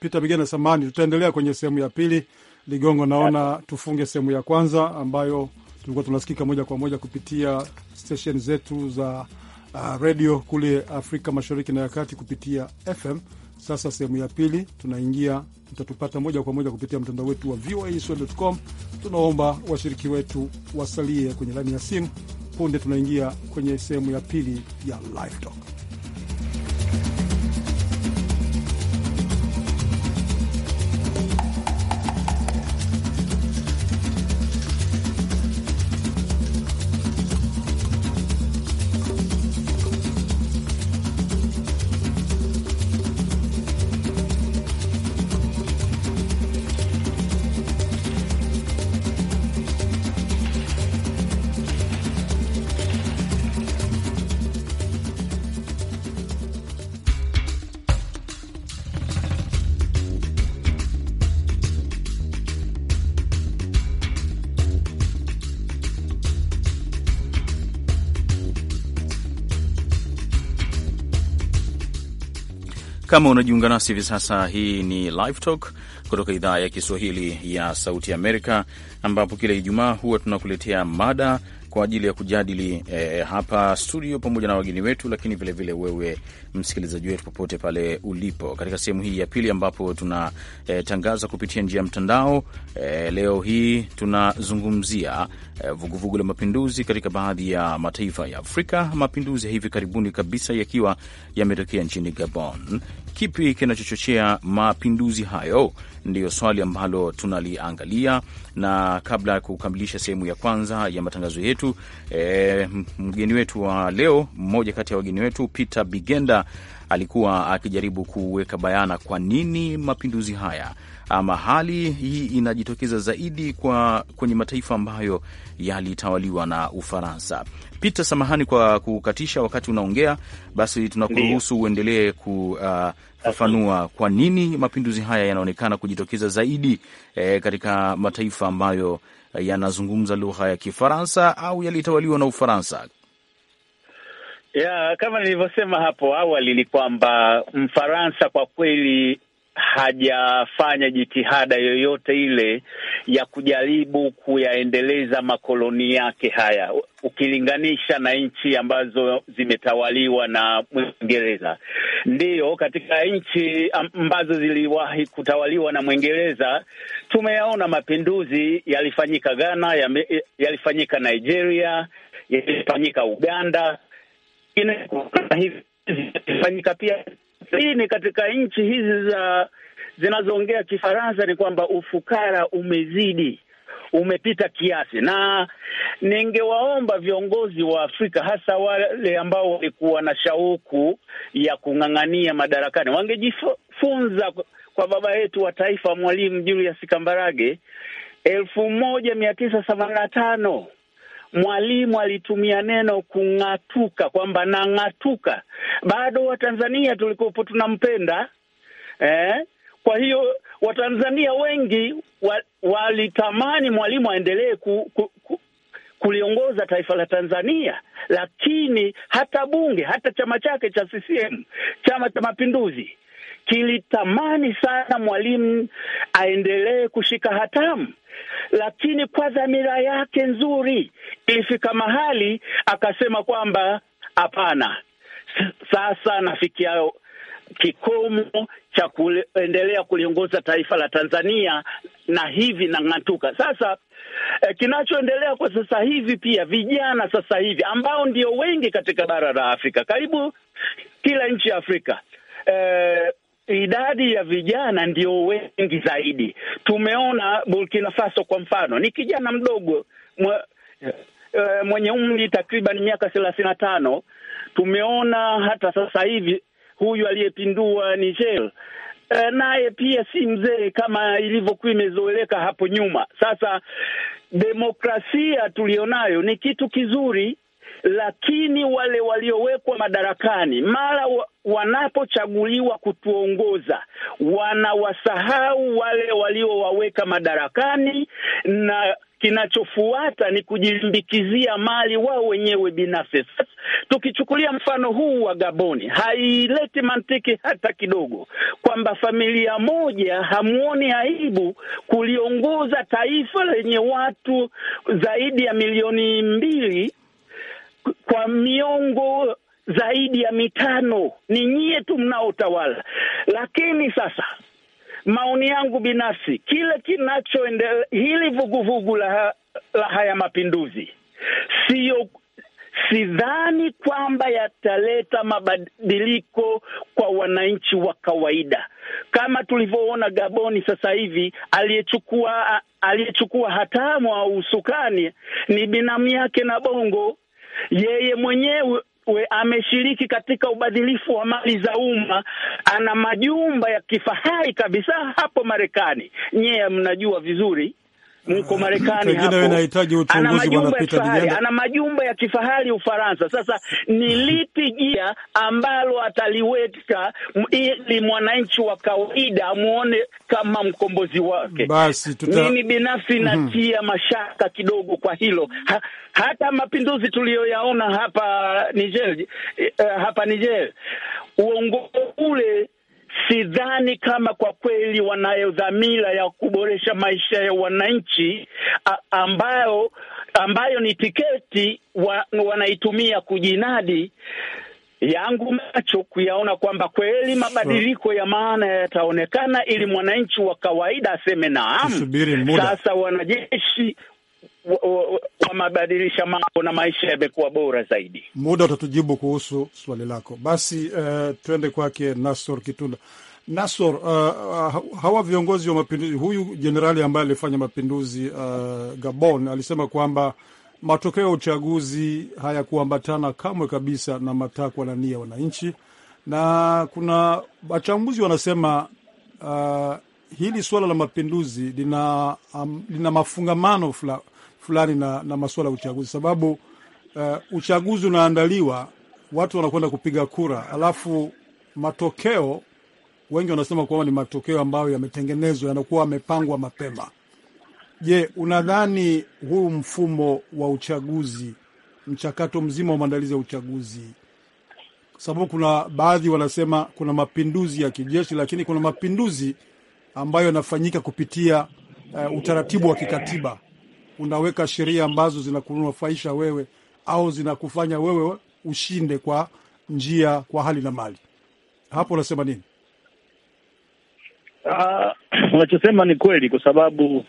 Pita Bigenda, samahani, tutaendelea kwenye sehemu ya pili. Ligongo, naona tufunge sehemu ya kwanza ambayo tulikuwa tunasikika moja kwa moja kupitia stesheni zetu za uh, ah, redio kule Afrika Mashariki na ya Kati kupitia FM sasa sehemu ya pili tunaingia, mtatupata moja kwa moja kupitia mtandao wetu wa voa.com. Tunaomba washiriki wetu wasalie kwenye laini ya simu. Punde tunaingia kwenye sehemu ya pili ya live talk. Kama unajiunga nasi hivi sasa, hii ni Live Talk kutoka idhaa ya Kiswahili ya Sauti Amerika, ambapo kila Ijumaa huwa tunakuletea mada kwa ajili ya kujadili eh, hapa studio pamoja na wageni wetu, lakini vilevile vile wewe msikilizaji wetu popote pale ulipo, katika sehemu hii ya pili ambapo tunatangaza eh, kupitia njia ya mtandao eh, leo hii tunazungumzia eh, vuguvugu eh, la mapinduzi katika baadhi ya mataifa ya Afrika, mapinduzi ya hivi karibuni kabisa yakiwa yametokea nchini Gabon. Kipi kinachochochea mapinduzi hayo? Ndiyo swali ambalo tunaliangalia, na kabla ya kukamilisha sehemu ya kwanza ya matangazo yetu e, mgeni wetu wa leo, mmoja kati ya wageni wetu Peter Bigenda alikuwa akijaribu kuweka bayana kwa nini mapinduzi haya ama hali hii inajitokeza zaidi kwa kwenye mataifa ambayo yalitawaliwa na Ufaransa. Peter, samahani kwa kukatisha wakati unaongea, basi tunakuruhusu uendelee uh, kufafanua uh, kwa nini mapinduzi haya yanaonekana kujitokeza zaidi eh, katika mataifa ambayo eh, yanazungumza lugha ya Kifaransa au yalitawaliwa na Ufaransa. Ya, kama nilivyosema hapo awali ni kwamba Mfaransa kwa kweli hajafanya jitihada yoyote ile ya kujaribu kuyaendeleza makoloni yake haya, ukilinganisha na nchi ambazo zimetawaliwa na Mwingereza. Ndiyo, katika nchi ambazo ziliwahi kutawaliwa na Mwingereza tumeyaona mapinduzi yalifanyika Ghana, yalifanyika Nigeria, yalifanyika Uganda, lakini hivi zilifanyika pia ni katika nchi hizi za zinazoongea Kifaransa ni kwamba ufukara umezidi umepita kiasi, na ningewaomba viongozi wa Afrika hasa wale ambao walikuwa na shauku ya kung'ang'ania madarakani wangejifunza kwa baba yetu wa taifa Mwalimu Julius Kambarage elfu moja mia tisa themanini na tano mwalimu alitumia neno kung'atuka, kwamba nang'atuka. Bado Watanzania tulikopo tunampenda eh? Kwa hiyo Watanzania wengi walitamani wa mwalimu aendelee ku, ku, ku, kuliongoza taifa la Tanzania, lakini hata bunge hata chama chake cha CCM, Chama cha Mapinduzi, kilitamani sana mwalimu aendelee kushika hatamu, lakini kwa dhamira yake nzuri ilifika mahali akasema kwamba hapana, sasa nafikia kikomo cha kuendelea kuliongoza taifa la Tanzania na hivi na ng'atuka. Sasa eh, kinachoendelea kwa sasa hivi pia vijana sasa hivi ambao ndio wengi katika bara la Afrika, karibu kila nchi ya Afrika eh, idadi ya vijana ndio wengi zaidi. Tumeona Burkina Faso kwa mfano, ni kijana mdogo eh, mwenye umri takriban miaka thelathini na tano. Tumeona hata sasa hivi huyu aliyepindua Niger eh, naye pia si mzee kama ilivyokuwa imezoeleka hapo nyuma. Sasa demokrasia tuliyonayo ni kitu kizuri, lakini wale waliowekwa madarakani mara wanapochaguliwa kutuongoza wanawasahau wale waliowaweka madarakani na kinachofuata ni kujilimbikizia mali wao wenyewe binafsi. Sasa tukichukulia mfano huu wa Gaboni, haileti mantiki hata kidogo kwamba familia moja hamwoni aibu kuliongoza taifa lenye watu zaidi ya milioni mbili kwa miongo zaidi ya mitano. Ni nyie tu mnaotawala, lakini sasa maoni yangu binafsi, kile kinachoendelea hili vuguvugu la, la haya mapinduzi sio sidhani kwamba yataleta mabadiliko kwa wananchi wa kawaida, kama tulivyoona Gaboni sasa hivi. Aliyechukua aliyechukua hatamu au usukani ni binamu yake na Bongo yeye mwenyewe we ameshiriki katika ubadhilifu wa mali za umma. Ana majumba ya kifahari kabisa hapo Marekani, nyewe mnajua vizuri mko mm. Marekani hapo, uchunguzi bwana Peter Ana majumba ya kifahari Ufaransa. Sasa ni mm-hmm. lipi jia ambalo ataliweka ili mwananchi wa kawaida amuone kama mkombozi wake? Basi tuta... mimi binafsi mm-hmm. natia mm -hmm. mashaka kidogo kwa hilo ha, hata mapinduzi tuliyoyaona hapa Niger, eh, hapa Niger uongo ule sidhani kama kwa kweli wanayo dhamira ya kuboresha maisha ya wananchi ambayo, ambayo ni tiketi wa, wanaitumia kujinadi yangu macho kuyaona kwamba kweli mabadiliko ya maana yataonekana, ili mwananchi wa kawaida aseme naam. Sasa wanajeshi wamebadilisha mambo na maisha yamekuwa bora zaidi. Muda utatujibu kuhusu swali lako. Basi uh, twende kwake Nasor Kitula. Nasor, uh, hawa viongozi wa mapinduzi, huyu jenerali ambaye alifanya mapinduzi uh, Gabon alisema kwamba matokeo ya uchaguzi hayakuambatana kamwe kabisa na matakwa na nia ya wananchi, na kuna wachambuzi wanasema uh, hili suala la mapinduzi lina, um, lina mafungamano fulani fulani na, na masuala ya uchaguzi, sababu uh, uchaguzi unaandaliwa, watu wanakwenda kupiga kura, alafu matokeo wengi wanasema kwamba ni matokeo ambayo yametengenezwa, yanakuwa yamepangwa mapema. Je, unadhani huu mfumo wa uchaguzi, mchakato mzima wa maandalizi ya uchaguzi, sababu kuna baadhi wanasema kuna mapinduzi ya kijeshi, lakini kuna mapinduzi ambayo yanafanyika kupitia uh, utaratibu wa kikatiba unaweka sheria ambazo zinakunufaisha wewe au zinakufanya wewe ushinde kwa njia, kwa hali na mali. Hapo unasema nini? Ah, unachosema ni kweli kwa sababu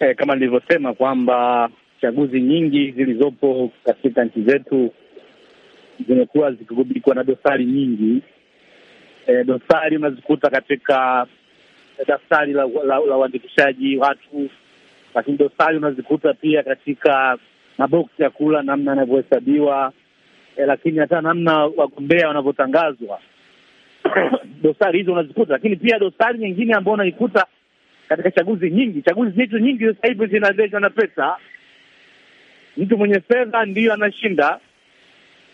eh, kama nilivyosema kwamba chaguzi nyingi zilizopo katika nchi zetu zimekuwa zikigubikwa na dosari nyingi. E, dosari unazikuta katika eh, daftari la uandikishaji watu lakini dosari unazikuta pia katika maboksi ya kula, namna yanavyohesabiwa e, lakini hata namna wagombea wanavyotangazwa dosari hizo unazikuta, lakini pia dosari nyingine ambayo unaikuta katika chaguzi nyingi. Chaguzi zetu nyingi sasa hivi zinaendeshwa na pesa. Mtu mwenye fedha ndiyo anashinda,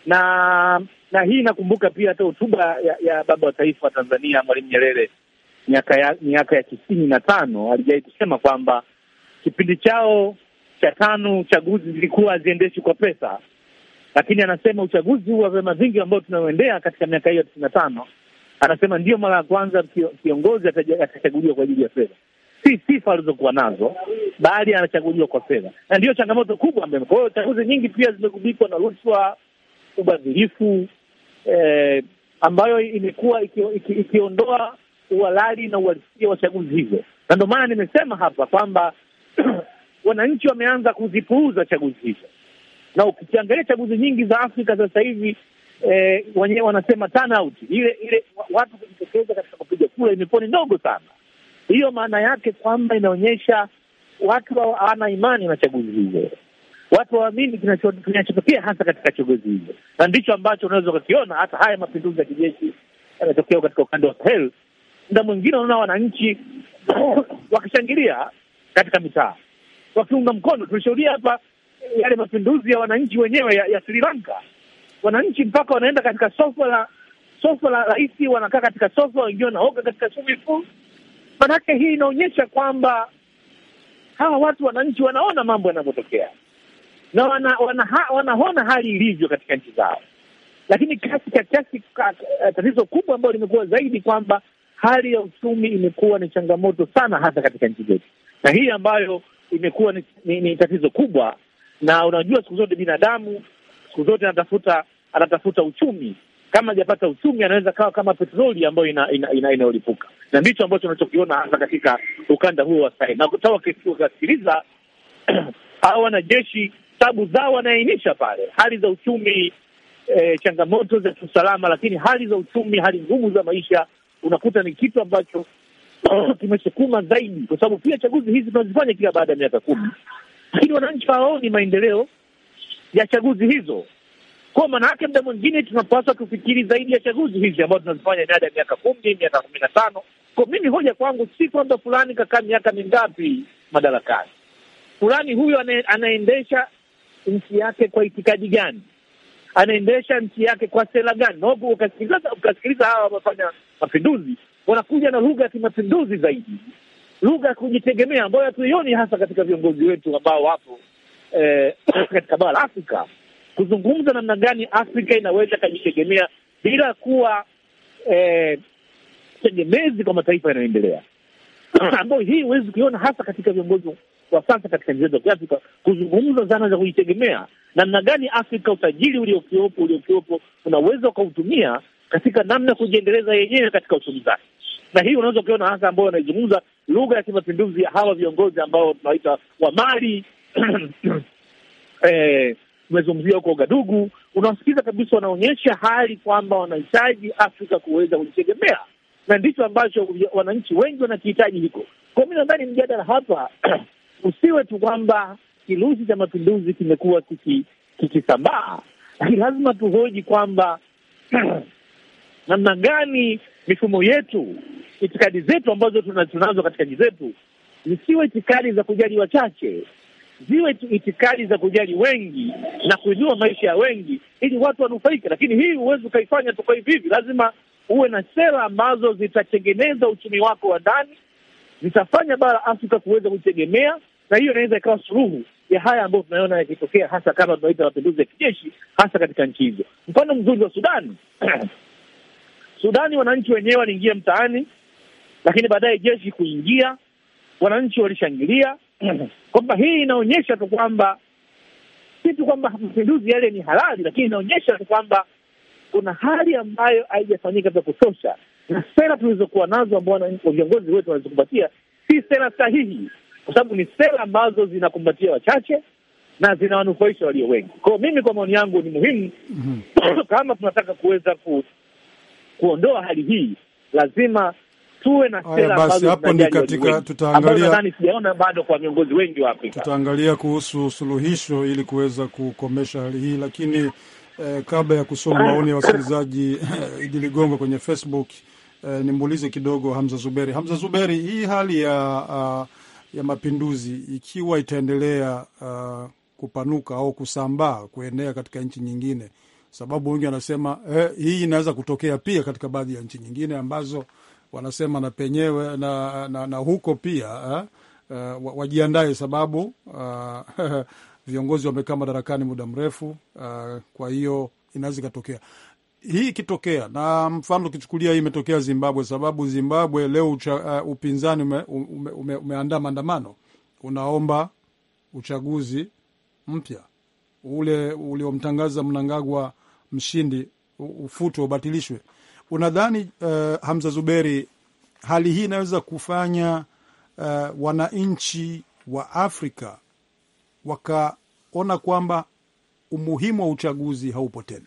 na na hii nakumbuka pia hata hotuba ya, ya baba wa taifa wa Tanzania Mwalimu Nyerere miaka ya miaka ya tisini na tano alijai kusema kwamba kipindi chao cha tano chaguzi zilikuwa haziendeshi kwa pesa, lakini anasema uchaguzi huu wa vyama vingi ambao tunaoendea katika miaka hiyo ya tisini na tano, anasema ndiyo mara ya kwanza kiongozi atachaguliwa kwa ajili ya fedha, si sifa alizokuwa nazo, bali anachaguliwa kwa fedha, na ndiyo changamoto kubwa mbele. Kwa hiyo chaguzi nyingi pia zimegubikwa na rushwa, ubadhirifu eh, ambayo imekuwa ikiondoa iki, iki, iki uhalali na uhalisia wa chaguzi hizo, na ndio maana nimesema hapa kwamba wananchi wameanza kuzipuuza chaguzi hizo, na ukiangalia chaguzi nyingi za Afrika sasa hivi eh, wenyewe wanasema turnout ile ile, watu kujitokeza katika kupiga kura imekuwa ni ndogo sana. Hiyo maana yake kwamba inaonyesha watu hawana imani na chaguzi hizo, watu waamini kinachotokea hasa katika chaguzi hizo, na ndicho ambacho unaweza ukakiona hata haya mapinduzi ya kijeshi yanatokea katika ukanda wa Sahel. Muda mwingine unaona wananchi wakishangilia katika mitaa wakiunga mkono. Tulishuhudia hapa eh, yale mapinduzi ya wananchi wenyewe ya, ya Sri Lanka. Wananchi mpaka wanaenda katika sofa la sofa la rais, wanakaa katika sofa, wengine wanaoga katika swimming pool. Manake hii inaonyesha kwamba hawa watu wananchi wanaona mambo yanavyotokea na wana, wana, wanaona hali ilivyo katika nchi zao, lakini kasi kiasi eh, tatizo kubwa ambayo limekuwa zaidi kwamba hali ya uchumi imekuwa ni changamoto sana, hasa katika nchi zetu na hii ambayo imekuwa ni, ni, ni tatizo kubwa. Na unajua siku zote binadamu siku zote anatafuta anatafuta uchumi, kama hajapata uchumi anaweza kawa kama petroli ambayo inayolipuka ina, ina, ina na ndicho ambacho unachokiona hasa katika ukanda huo wa Sahel, na wakisikiliza hawa wanajeshi sababu zao wanaainisha pale hali za uchumi e, changamoto za kiusalama, lakini hali za uchumi, hali ngumu za maisha, unakuta ni kitu ambacho kimesukuma zaidi, kwa sababu pia chaguzi hizi tunazifanya kila baada ya miaka kumi, lakini wananchi hawaoni maendeleo ya chaguzi hizo. Kwa maana yake, mda mwingine tunapaswa kufikiri zaidi ya chaguzi hizi ambazo tunazifanya baada ya miaka kumi, miaka kumi na tano. Kwa mimi, hoja kwangu si kwamba fulani kakaa miaka mingapi madarakani, fulani huyo ane, anaendesha nchi yake kwa itikadi gani, anaendesha nchi yake kwa sera gani. Ukasikiliza hawa wamefanya mapinduzi wanakuja na lugha ya kimapinduzi zaidi, lugha ya kujitegemea ambayo hatuioni hasa katika viongozi wetu ambao wapo eh, katika bara la Afrika, kuzungumza namna gani Afrika inaweza ikajitegemea bila kuwa eh, tegemezi kwa mataifa yanayoendelea ambayo hii huwezi kuiona hasa katika viongozi wa sasa katika nchi zetu za Kiafrika, kuzungumza zana za kujitegemea, namna gani Afrika utajiri uliokiopo uliokiopo unaweza ukautumia katika namna ya kujiendeleza yenyewe katika uchumi zake, na hii unaweza ukiona hasa ambayo wanaizungumza lugha ya kimapinduzi ya hawa viongozi ambao tunawaita wa mali eh, tumezungumzia huko Ugadugu, unawasikiza kabisa, wanaonyesha hali kwamba wanahitaji Afrika kuweza kujitegemea, na ndicho ambacho wananchi wengi wanakihitaji hiko. Kwa mi nadhani mjadala hapa usiwe tu kwamba kirusi cha mapinduzi kimekuwa kikisambaa kiki, lakini lazima tuhoji kwamba namna gani mifumo yetu, itikadi zetu ambazo tunazo katika nchi zetu zisiwe itikadi za kujali wachache, ziwe itikadi za kujali wengi na kuinua maisha ya wengi ili watu wanufaike. Lakini hii huwezi ukaifanya tu hivi hivi, lazima uwe na sera ambazo zitatengeneza uchumi wako wa ndani, zitafanya bara Afrika kuweza kutegemea, na hiyo inaweza ikawa suluhu ya haya ambayo tunaona yakitokea, hasa kama tunaita mapinduzi ya kijeshi, hasa katika nchi hizo. Mfano mzuri wa Sudani Sudani wananchi wenyewe waliingia mtaani, lakini baadaye jeshi kuingia, wananchi walishangilia kwamba hii inaonyesha tu kwamba si tu kwamba mapinduzi yale ni halali, lakini inaonyesha tu kwamba kuna hali ambayo haijafanyika vya kutosha, na sera tulizokuwa nazo ambao viongozi wetu wanazokumbatia si sera sahihi, kwa sababu ni sera ambazo zinakumbatia wachache na zinawanufaisha walio wengi. kwao mimi, kwa maoni yangu, ni muhimu mm -hmm. kama tunataka kuweza ku kuondoa hali hii lazima tuwe na sera ambazo hapo ni katika tutaangalia, nadhani sijaona bado kwa viongozi wengi wa Afrika. Tutaangalia kuhusu suluhisho ili kuweza kukomesha hali hii, lakini eh, kabla ya kusoma maoni ya wasikilizaji eh, Idi Ligongo kwenye Facebook eh, nimuulize kidogo Hamza Zuberi. Hamza Zuberi, hii hali ya uh, ya mapinduzi ikiwa itaendelea uh, kupanuka au kusambaa kuenea katika nchi nyingine sababu wengi wanasema eh, hii inaweza kutokea pia katika baadhi ya nchi nyingine ambazo wanasema na penyewe na, na, na huko pia eh, uh, wajiandae sababu uh, viongozi wamekaa madarakani muda mrefu uh, kwa hiyo inaweza ikatokea hii ikitokea, na mfano tukichukulia hii imetokea Zimbabwe, sababu Zimbabwe leo ucha, uh, upinzani ume, ume, ume, umeandaa maandamano unaomba uchaguzi mpya ule uliomtangaza Mnangagwa mshindi ufutwe, ubatilishwe. Unadhani uh, Hamza Zuberi, hali hii inaweza kufanya uh, wananchi wa Afrika wakaona kwamba umuhimu wa uchaguzi haupo tena?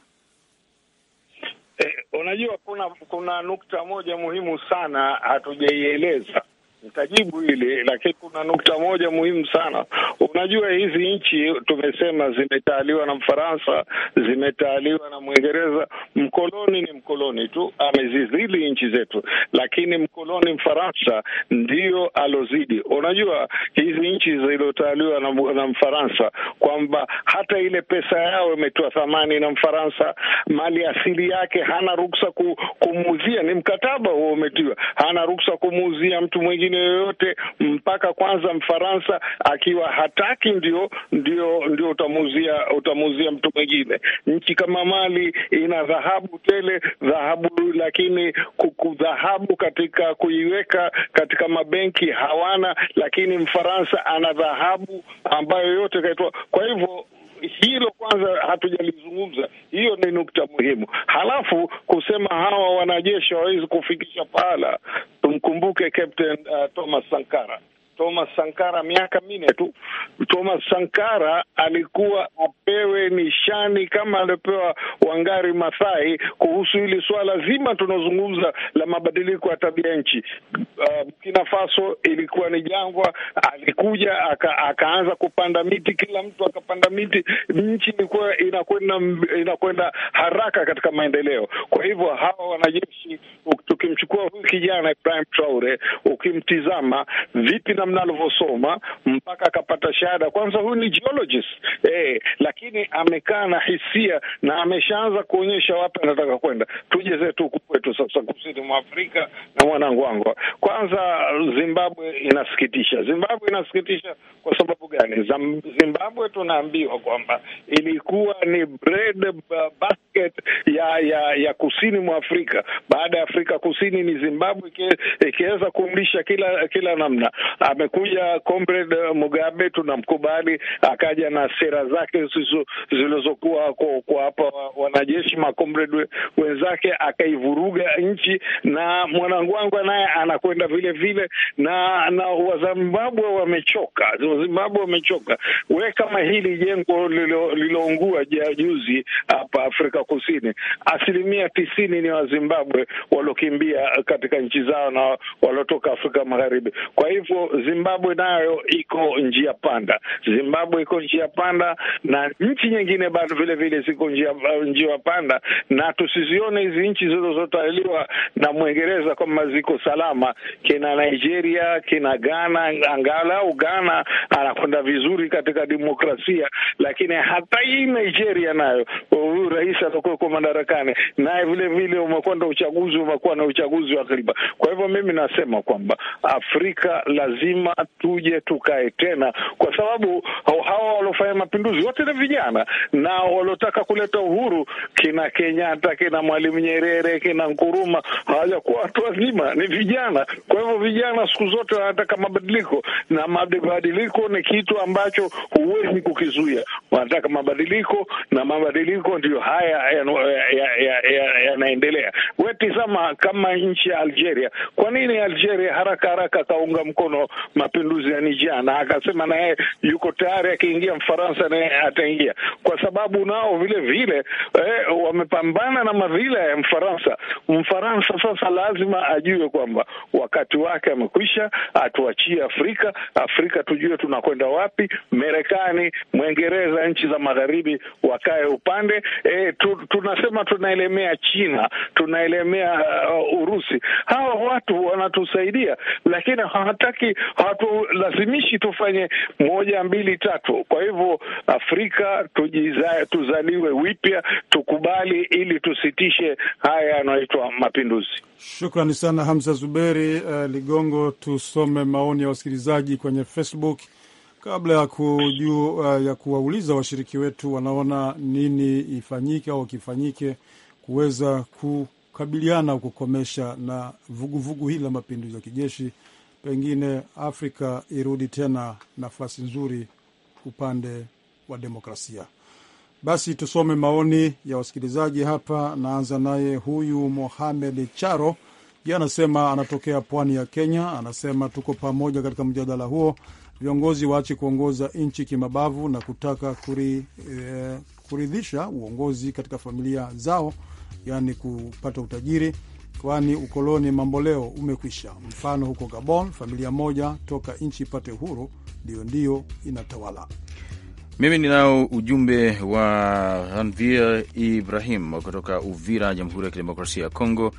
Eh, unajua kuna kuna nukta moja muhimu sana hatujaieleza nitajibu hili lakini kuna nukta moja muhimu sana. Unajua, hizi nchi tumesema zimetaaliwa na Mfaransa, zimetaaliwa na Mwingereza. Mkoloni ni mkoloni tu, amezizili nchi zetu, lakini mkoloni Mfaransa ndio alozidi. Unajua, hizi nchi zilizotaaliwa na, na Mfaransa kwamba hata ile pesa yao imetoa thamani na Mfaransa, mali asili yake hana ruksa kumuuzia. Ni mkataba huo umetiwa, hana ruksa kumuuzia mtu mwingine mwingine yoyote mpaka kwanza Mfaransa akiwa hataki, ndio ndio ndio utamuzia utamuzia mtu mwingine. Nchi kama Mali ina dhahabu tele, dhahabu lakini kudhahabu katika kuiweka katika mabenki hawana, lakini Mfaransa ana dhahabu ambayo yote kaitwa. Kwa hivyo hilo kwanza hatujalizungumza, hiyo ni nukta muhimu. Halafu kusema hawa wanajeshi hawawezi kufikisha pahala, tumkumbuke Captain uh, Thomas Sankara Thomas Sankara miaka minne tu. Thomas Sankara alikuwa apewe nishani kama aliopewa Wangari Mathai kuhusu hili swala zima tunazungumza la mabadiliko ya tabia nchi. Uh, Burkina uh, Faso ilikuwa ni jangwa, alikuja aka, akaanza kupanda miti, kila mtu akapanda miti, nchi ilikuwa inakwenda inakwenda haraka katika maendeleo. Kwa hivyo hawa wanajeshi, tukimchukua huyu kijana Ibrahim Traore, ukimtizama vipi na alivyosoma mpaka akapata shahada. Kwanza huyu ni geologist eh, lakini amekaa na hisia na ameshaanza kuonyesha wapi anataka kwenda. Tuje zetu huku kwetu sasa, kusini mwa Afrika na mwanangu wangu, kwanza Zimbabwe inasikitisha. Zimbabwe inasikitisha kwa sababu gani? Zimbabwe tunaambiwa kwamba ilikuwa ni bread basket ya ya ya kusini mwa Afrika. Baada ya Afrika Kusini ni Zimbabwe ikiweza kumlisha kila kila namna amekuja comrade Mugabe, tunamkubali, akaja na sera zake zilizokuwa kwa hapa wanajeshi makomrade wenzake, akaivuruga nchi, na mwanangwangu naye anakwenda vile vile, na na Wazimbabwe wamechoka, Wazimbabwe wamechoka. We kama hili jengo lililoungua juzi hapa Afrika Kusini, asilimia tisini ni Wazimbabwe waliokimbia katika nchi zao na waliotoka Afrika Magharibi. Kwa hivyo Zimbabwe nayo iko njia panda. Zimbabwe iko njia panda na nchi nyingine bado vile vile ziko njia, uh, njia panda, na tusizione hizi nchi zilizotawaliwa na Mwingereza kwamba ziko salama, kina Nigeria, kina Ghana. Angalau Ghana anakwenda vizuri katika demokrasia, lakini hata hii Nigeria nayo, huyu rais atakuweko madarakani naye vile vile umekwenda uchaguzi, umekuwa na uchaguzi wa kariba. Kwa hivyo mimi nasema kwamba Afrika lazima lazima tuje tukae tena, kwa sababu hawa waliofanya mapinduzi wote ni vijana, na waliotaka kuleta uhuru, kina Kenyatta, kina Mwalimu Nyerere, kina Nkuruma, hawajakuwa watu wazima, ni vijana. Kwa hivyo vijana siku zote wanataka mabadiliko, na mabadiliko ni kitu ambacho huwezi kukizuia. Wanataka mabadiliko, na mabadiliko ndiyo haya yanaendelea. Ya, ya, ya, ya kama nchi ya Algeria. Kwa nini Algeria haraka haraka kaunga mkono mapinduzi ya Nija, na akasema naye yuko tayari akiingia Mfaransa naye ataingia, kwa sababu nao vile vile eh, wamepambana na madhila ya Mfaransa. Mfaransa sasa lazima ajue kwamba wakati wake amekwisha, atuachie Afrika. Afrika tujue tunakwenda wapi. Marekani, Mwingereza, nchi za magharibi wakae upande. Eh, tu, tunasema tunaelemea China, tunaelemea uh, Urusi. Hawa watu wanatusaidia, lakini hawataki hatulazimishi tufanye moja mbili tatu. Kwa hivyo Afrika tujizae, tuzaliwe wipya, tukubali ili tusitishe haya yanayoitwa mapinduzi. Shukrani sana Hamza Zuberi uh, Ligongo. Tusome maoni ya wasikilizaji kwenye Facebook kabla ya kuju, uh, eh, ya kuwauliza washiriki wetu wanaona nini ifanyike au kifanyike kuweza kukabiliana au kukomesha na vuguvugu hili la mapinduzi ya kijeshi pengine Afrika irudi tena nafasi nzuri upande wa demokrasia. Basi tusome maoni ya wasikilizaji hapa. Naanza naye huyu Mohamed Charo, yeye anasema anatokea pwani ya Kenya. Anasema tuko pamoja katika mjadala huo, viongozi waache kuongoza nchi kimabavu na kutaka kuri, eh, kuridhisha uongozi katika familia zao, yaani kupata utajiri kwani ukoloni mamboleo umekwisha. Mfano, huko Gabon familia moja toka nchi ipate uhuru ndiyo ndiyo inatawala. Mimi ninao ujumbe wa Ranvier Ibrahim kutoka Uvira, Jamhuri ya Kidemokrasia ya Kongo.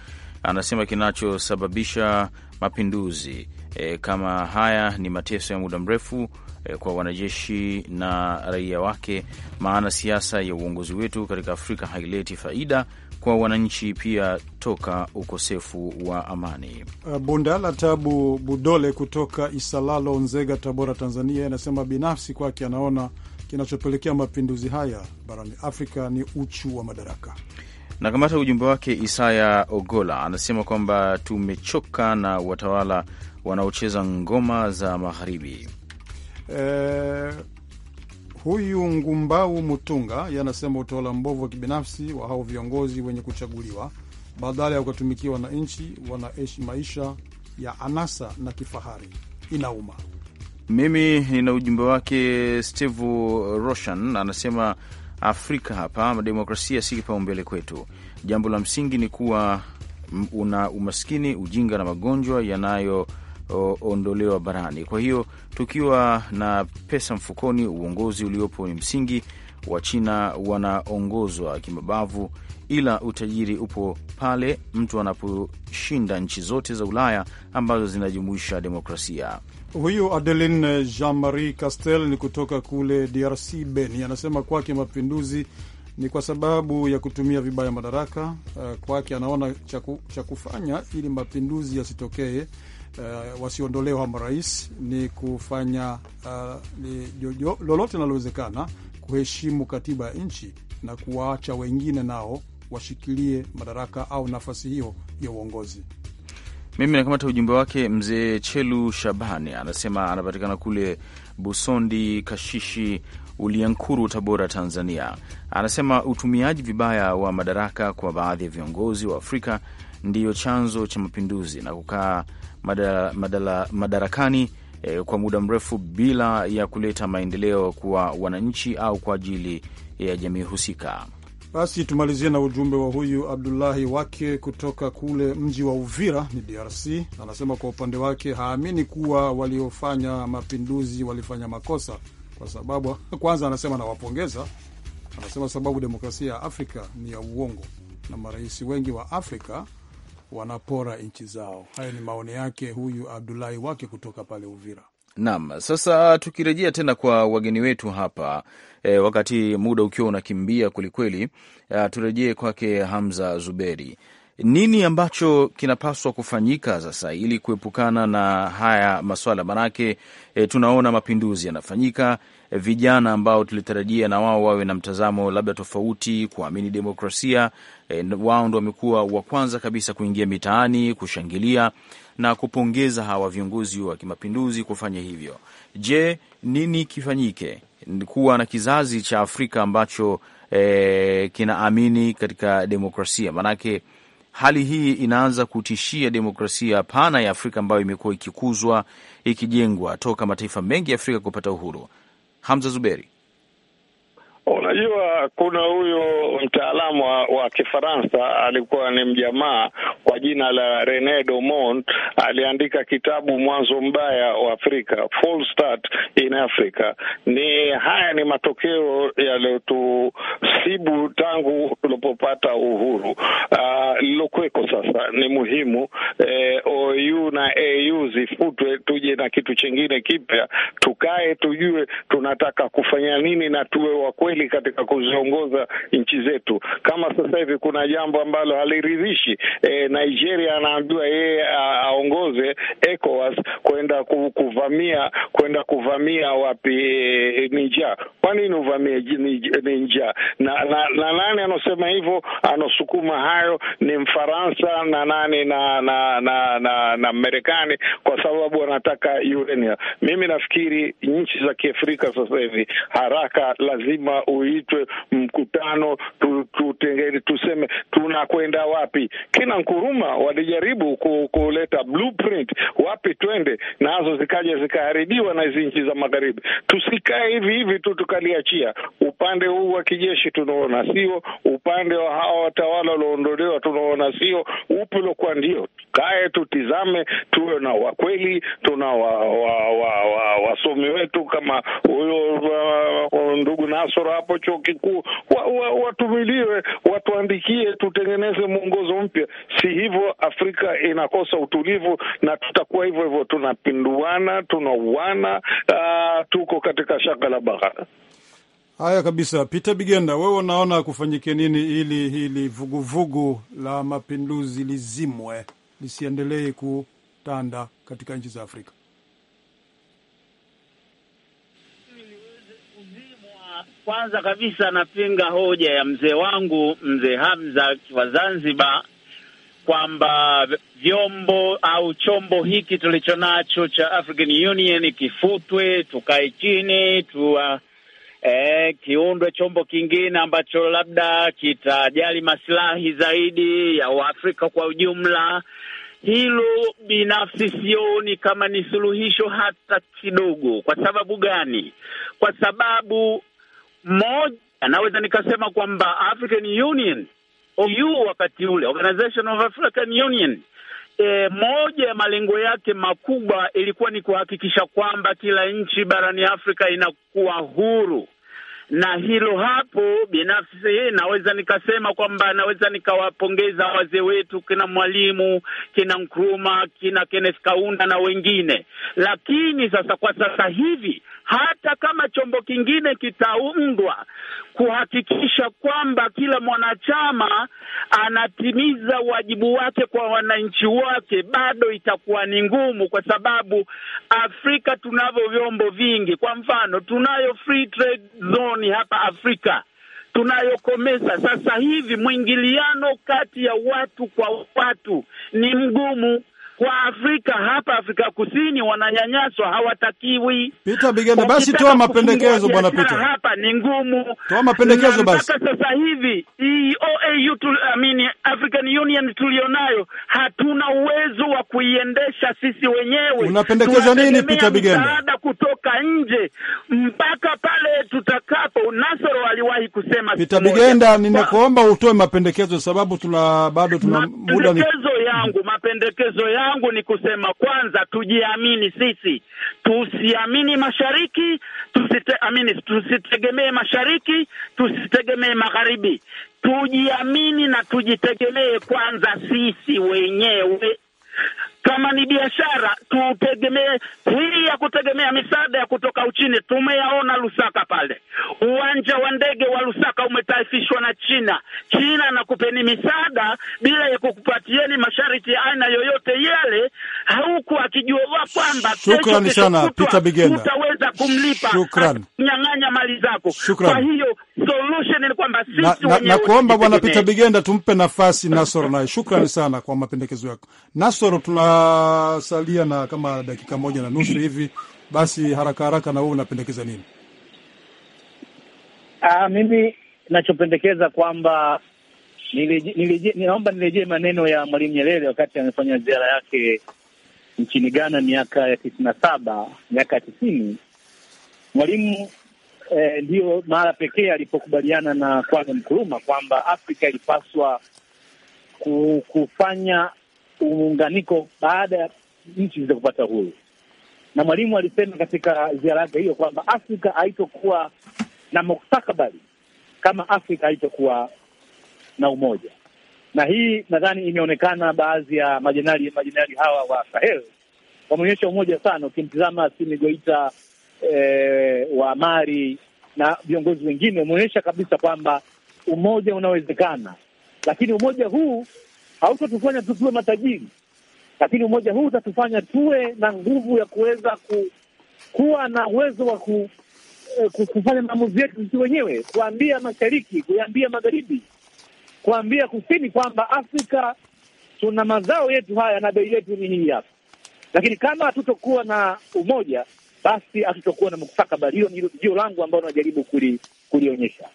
Anasema kinachosababisha mapinduzi e, kama haya ni mateso ya muda mrefu e, kwa wanajeshi na raia wake, maana siasa ya uongozi wetu katika Afrika haileti faida kwa wananchi pia toka ukosefu wa amani. Uh, Bundala Tabu Budole kutoka Isalalo, Nzega, Tabora, Tanzania, anasema binafsi kwake anaona kinachopelekea mapinduzi haya barani Afrika ni uchu wa madaraka. Na kamata ujumbe wake Isaya Ogola anasema kwamba tumechoka na watawala wanaocheza ngoma za magharibi. E, Huyu Ngumbau Mutunga yanasema utawala mbovu wa kibinafsi wa hao viongozi wenye kuchaguliwa badala ya ukatumikia wananchi, wanaishi maisha ya anasa na kifahari. Inauma. Mimi nina ujumbe wake. Steve Roshan anasema Afrika hapa demokrasia si kipaumbele kwetu. Jambo la msingi ni kuwa una umaskini, ujinga na magonjwa yanayo ondolewa barani. Kwa hiyo tukiwa na pesa mfukoni, uongozi uliopo ni msingi. china wanaongozwa kimabavu, ila utajiri upo pale mtu anaposhinda nchi zote za Ulaya ambazo zinajumuisha demokrasia. Huyu Adeline Jean Marie Castel ni kutoka kule DRC Beni, anasema kwake mapinduzi ni kwa sababu ya kutumia vibaya madaraka. Eh, kwake anaona cha kufanya ili mapinduzi yasitokee uh, wasiondolewa marais ni kufanya uh, jo, jo, lolote linalowezekana kuheshimu katiba ya nchi na kuwaacha wengine nao washikilie madaraka au nafasi hiyo ya uongozi. Mimi nakamata ujumbe wake mzee Chelu Shabani, anasema anapatikana kule Busondi Kashishi Uliankuru, Tabora, Tanzania. Anasema utumiaji vibaya wa madaraka kwa baadhi ya viongozi wa Afrika ndiyo chanzo cha mapinduzi na kukaa madarakani eh, kwa muda mrefu bila ya kuleta maendeleo kwa wananchi au kwa ajili ya jamii husika. Basi tumalizie na ujumbe wa huyu Abdullahi wake kutoka kule mji wa Uvira ni DRC. Anasema kwa upande wake haamini kuwa waliofanya mapinduzi walifanya makosa, kwa sababu kwanza, anasema nawapongeza, anasema sababu demokrasia ya Afrika ni ya uongo na marais wengi wa Afrika wanapora nchi zao. Hayo ni maoni yake huyu Abdulahi wake kutoka pale Uvira. Naam, sasa tukirejea tena kwa wageni wetu hapa e, wakati muda ukiwa unakimbia kwelikweli, eh, turejee kwake Hamza Zuberi. Nini ambacho kinapaswa kufanyika sasa ili kuepukana na haya maswala? Maanake e, tunaona mapinduzi yanafanyika, e, vijana ambao tulitarajia na wao wawe na mtazamo labda tofauti, kuamini demokrasia e, wao ndo wamekuwa wa kwanza kabisa kuingia mitaani kushangilia na kupongeza hawa viongozi wa kimapinduzi kufanya hivyo. Je, nini kifanyike kuwa na kizazi cha Afrika ambacho e, kinaamini katika demokrasia? Maanake hali hii inaanza kutishia demokrasia pana ya Afrika ambayo imekuwa ikikuzwa, ikijengwa toka mataifa mengi ya Afrika kupata uhuru. Hamza Zuberi. Unajua, kuna huyo mtaalamu wa, wa Kifaransa alikuwa ni mjamaa kwa jina la Rene Dumont, aliandika kitabu Mwanzo Mbaya wa Afrika, False Start in Africa. Ni haya ni matokeo yaliyotusibu tangu tulipopata uhuru ah, lilokuweko. Uh, sasa ni muhimu eh, OU na AU zifutwe, tuje na kitu chingine kipya, tukae tujue tunataka kufanya nini na tuwe wakwe kweli katika kuziongoza nchi zetu. Kama sasa hivi kuna jambo ambalo haliridhishi e, Nigeria anaambiwa yeye aongoze ECOWAS kwenda kuvamia kwenda kuvamia wapi? E, e Niger. Kwa nini uvamie Niger? Na, na, na nani anasema hivyo anasukuma hayo ni Mfaransa na nani na na na, na, na Marekani kwa sababu wanataka uranium. Mimi nafikiri nchi za Kiafrika sasa hivi haraka lazima uitwe mkutano tu, tuseme tunakwenda wapi. Kina Nkuruma walijaribu ku, kuleta blueprint wapi twende, nazo zikaja zikaharibiwa na hizi nchi za magharibi. Tusikae hivi hivi tu tukaliachia. Upande huu wa kijeshi tunaona sio, upande wa hawa watawala walioondolewa tunaona sio, upi uliokuwa ndio. Tukae tutizame, tuwe na wakweli, tuna wasomi wa, wa, wa, wasomi wetu kama huyo uh, ndugu Nasora hapo chuo kikuu wa, wa, watumiliwe watuandikie, tutengeneze mwongozo mpya. Si hivyo Afrika inakosa utulivu, na tutakuwa hivyo hivyo, tunapinduana, tunauana, ah, tuko katika shaka la bahara. Haya kabisa. Peter Bigenda, wewe unaona kufanyikia nini ili hili vuguvugu la mapinduzi lizimwe lisiendelei kutanda katika nchi za Afrika? Kwanza kabisa napinga hoja ya mzee wangu mzee Hamza wa Zanzibar kwamba vyombo au chombo hiki tulicho nacho cha African Union kifutwe, tukae chini tua eh, kiundwe chombo kingine ambacho labda kitajali masilahi zaidi ya Waafrika kwa ujumla. Hilo binafsi sioni kama ni suluhisho hata kidogo. Kwa sababu gani? Kwa sababu moja, naweza nikasema kwamba African Union OU wakati ule Organization of African Union E, moja ya malengo yake makubwa ilikuwa ni kuhakikisha kwamba kila nchi barani Afrika inakuwa huru, na hilo hapo, binafsi naweza nikasema kwamba naweza nikawapongeza wazee wetu kina Mwalimu, kina Nkrumah, kina Kenneth Kaunda na wengine. Lakini sasa kwa sasa hivi hata kama chombo kingine kitaundwa, kuhakikisha kwamba kila mwanachama anatimiza wajibu wake kwa wananchi wake, bado itakuwa ni ngumu, kwa sababu Afrika tunavyo vyombo vingi. Kwa mfano, tunayo free trade zone hapa Afrika tunayokomesa sasa hivi. Mwingiliano kati ya watu kwa watu ni mgumu kwa Afrika hapa Afrika Kusini wananyanyaswa, hawatakiwi. Peter Bigenda, basi toa mapendekezo bwana Peter. Hapa ni ngumu, toa mapendekezo basi. Sasa hivi hii e OAU tu, I mean, African Union tulionayo hatuna uwezo wa kuiendesha sisi wenyewe. Unapendekeza nini Peter Bigenda? Msaada kutoka nje mpaka pale tutakapo. Nasoro aliwahi kusema. Peter Bigenda, ninakuomba utoe mapendekezo sababu tuna bado tuna muda ni... mapendekezo yangu mapendekezo yangu yangu ni kusema kwanza, tujiamini sisi, tusiamini mashariki, tusiteamini, tusitegemee mashariki, tusitegemee magharibi, tujiamini na tujitegemee kwanza sisi wenyewe. Kama ni biashara, tutegemee hii ya kutegemea misaada ya kutoka Uchini. Tumeyaona Lusaka pale, uwanja wa ndege wa Lusaka umetaifishwa na China. China anakupeni misaada bila ya kukupatieni masharti ya aina yoyote yale, huku akijua kwamba shukrani sana Peter Bigenda utaweza kumlipa nyang'anya mali zako. Kwa hiyo solution ni kwamba sisi wenyewe na kuomba Bwana Peter Bigenda tumpe nafasi Nasoro naye. Shukrani sana kwa mapendekezo yako Nasoro. Tunasalia na kama dakika moja na nusu hivi, basi haraka haraka, na wewe unapendekeza nini? Ah, mimi nachopendekeza kwamba nilije, nilije, ninaomba nirejee maneno ya Mwalimu Nyerere wakati amefanya ziara yake nchini Ghana miaka ya tisini na saba miaka ya tisini Mwalimu eh, ndiyo mara pekee alipokubaliana na Kwame Nkrumah kwamba Afrika ilipaswa kufanya uunganiko baada ya nchi za kupata uhuru, na Mwalimu alisema katika ziara yake hiyo kwamba Afrika haitokuwa na mustakabali kama Afrika haitokuwa na umoja na hii nadhani imeonekana baadhi ya majenerali majenerali hawa wa Sahel wameonyesha umoja sana. Ukimtizama Assimi Goita e, eh, wa mari na viongozi wengine umeonyesha kabisa kwamba umoja unawezekana, lakini umoja huu hautatufanya tusiwe matajiri, lakini umoja huu utatufanya tuwe na nguvu ya kuweza ku, kuwa na uwezo wa ku, eh, kufanya maamuzi yetu sisi wenyewe, kuambia mashariki, kuambia magharibi kuambia kusini kwamba Afrika tuna mazao yetu haya na bei yetu ni hii hapa, lakini kama hatutokuwa na umoja, basi hatutokuwa na mustakabali. Hiyo ni jio langu ambao najaribu kulionyesha.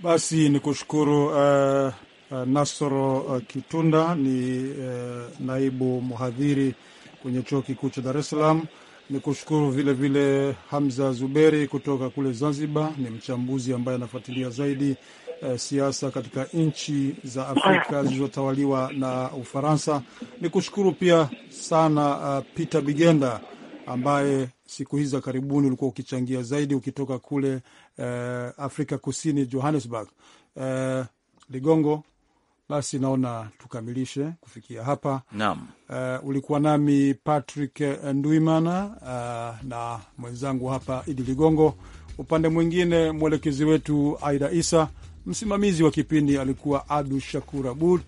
Basi ni kushukuru uh, uh, Nasoro uh, Kitunda ni uh, naibu mhadhiri kwenye chuo kikuu cha Dar es Salaam. Ni kushukuru vilevile Hamza Zuberi kutoka kule Zanzibar, ni mchambuzi ambaye anafuatilia zaidi e, siasa katika nchi za Afrika zilizotawaliwa na Ufaransa. Ni kushukuru pia sana uh, Peter Bigenda ambaye siku hizi za karibuni ulikuwa ukichangia zaidi ukitoka kule uh, Afrika Kusini, Johannesburg. Uh, Ligongo, basi naona tukamilishe kufikia hapa. Naam. Uh, ulikuwa nami Patrick Ndwimana uh, na mwenzangu hapa Idi Ligongo, upande mwingine mwelekezi wetu Aida Isa, msimamizi wa kipindi alikuwa Abdu Shakur Abud.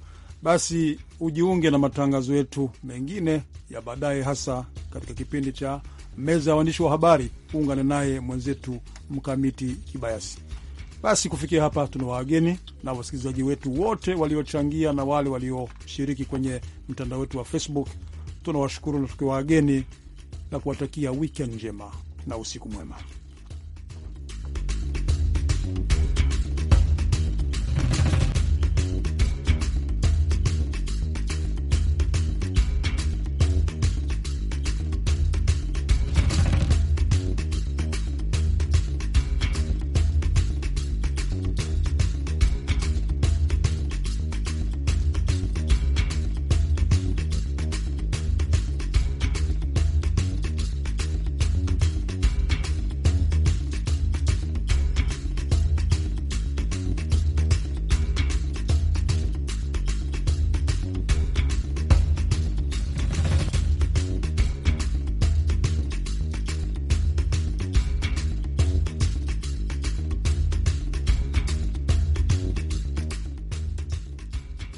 Basi ujiunge na matangazo yetu mengine ya baadaye, hasa katika kipindi cha meza ya waandishi wa habari. Uungane naye mwenzetu Mkamiti Kibayasi. Basi kufikia hapa, tuna wageni na wasikilizaji wetu wote waliochangia na wale walioshiriki kwenye mtandao wetu wa Facebook. Tunawashukuru na tukiwa wageni na kuwatakia wikendi njema na usiku mwema.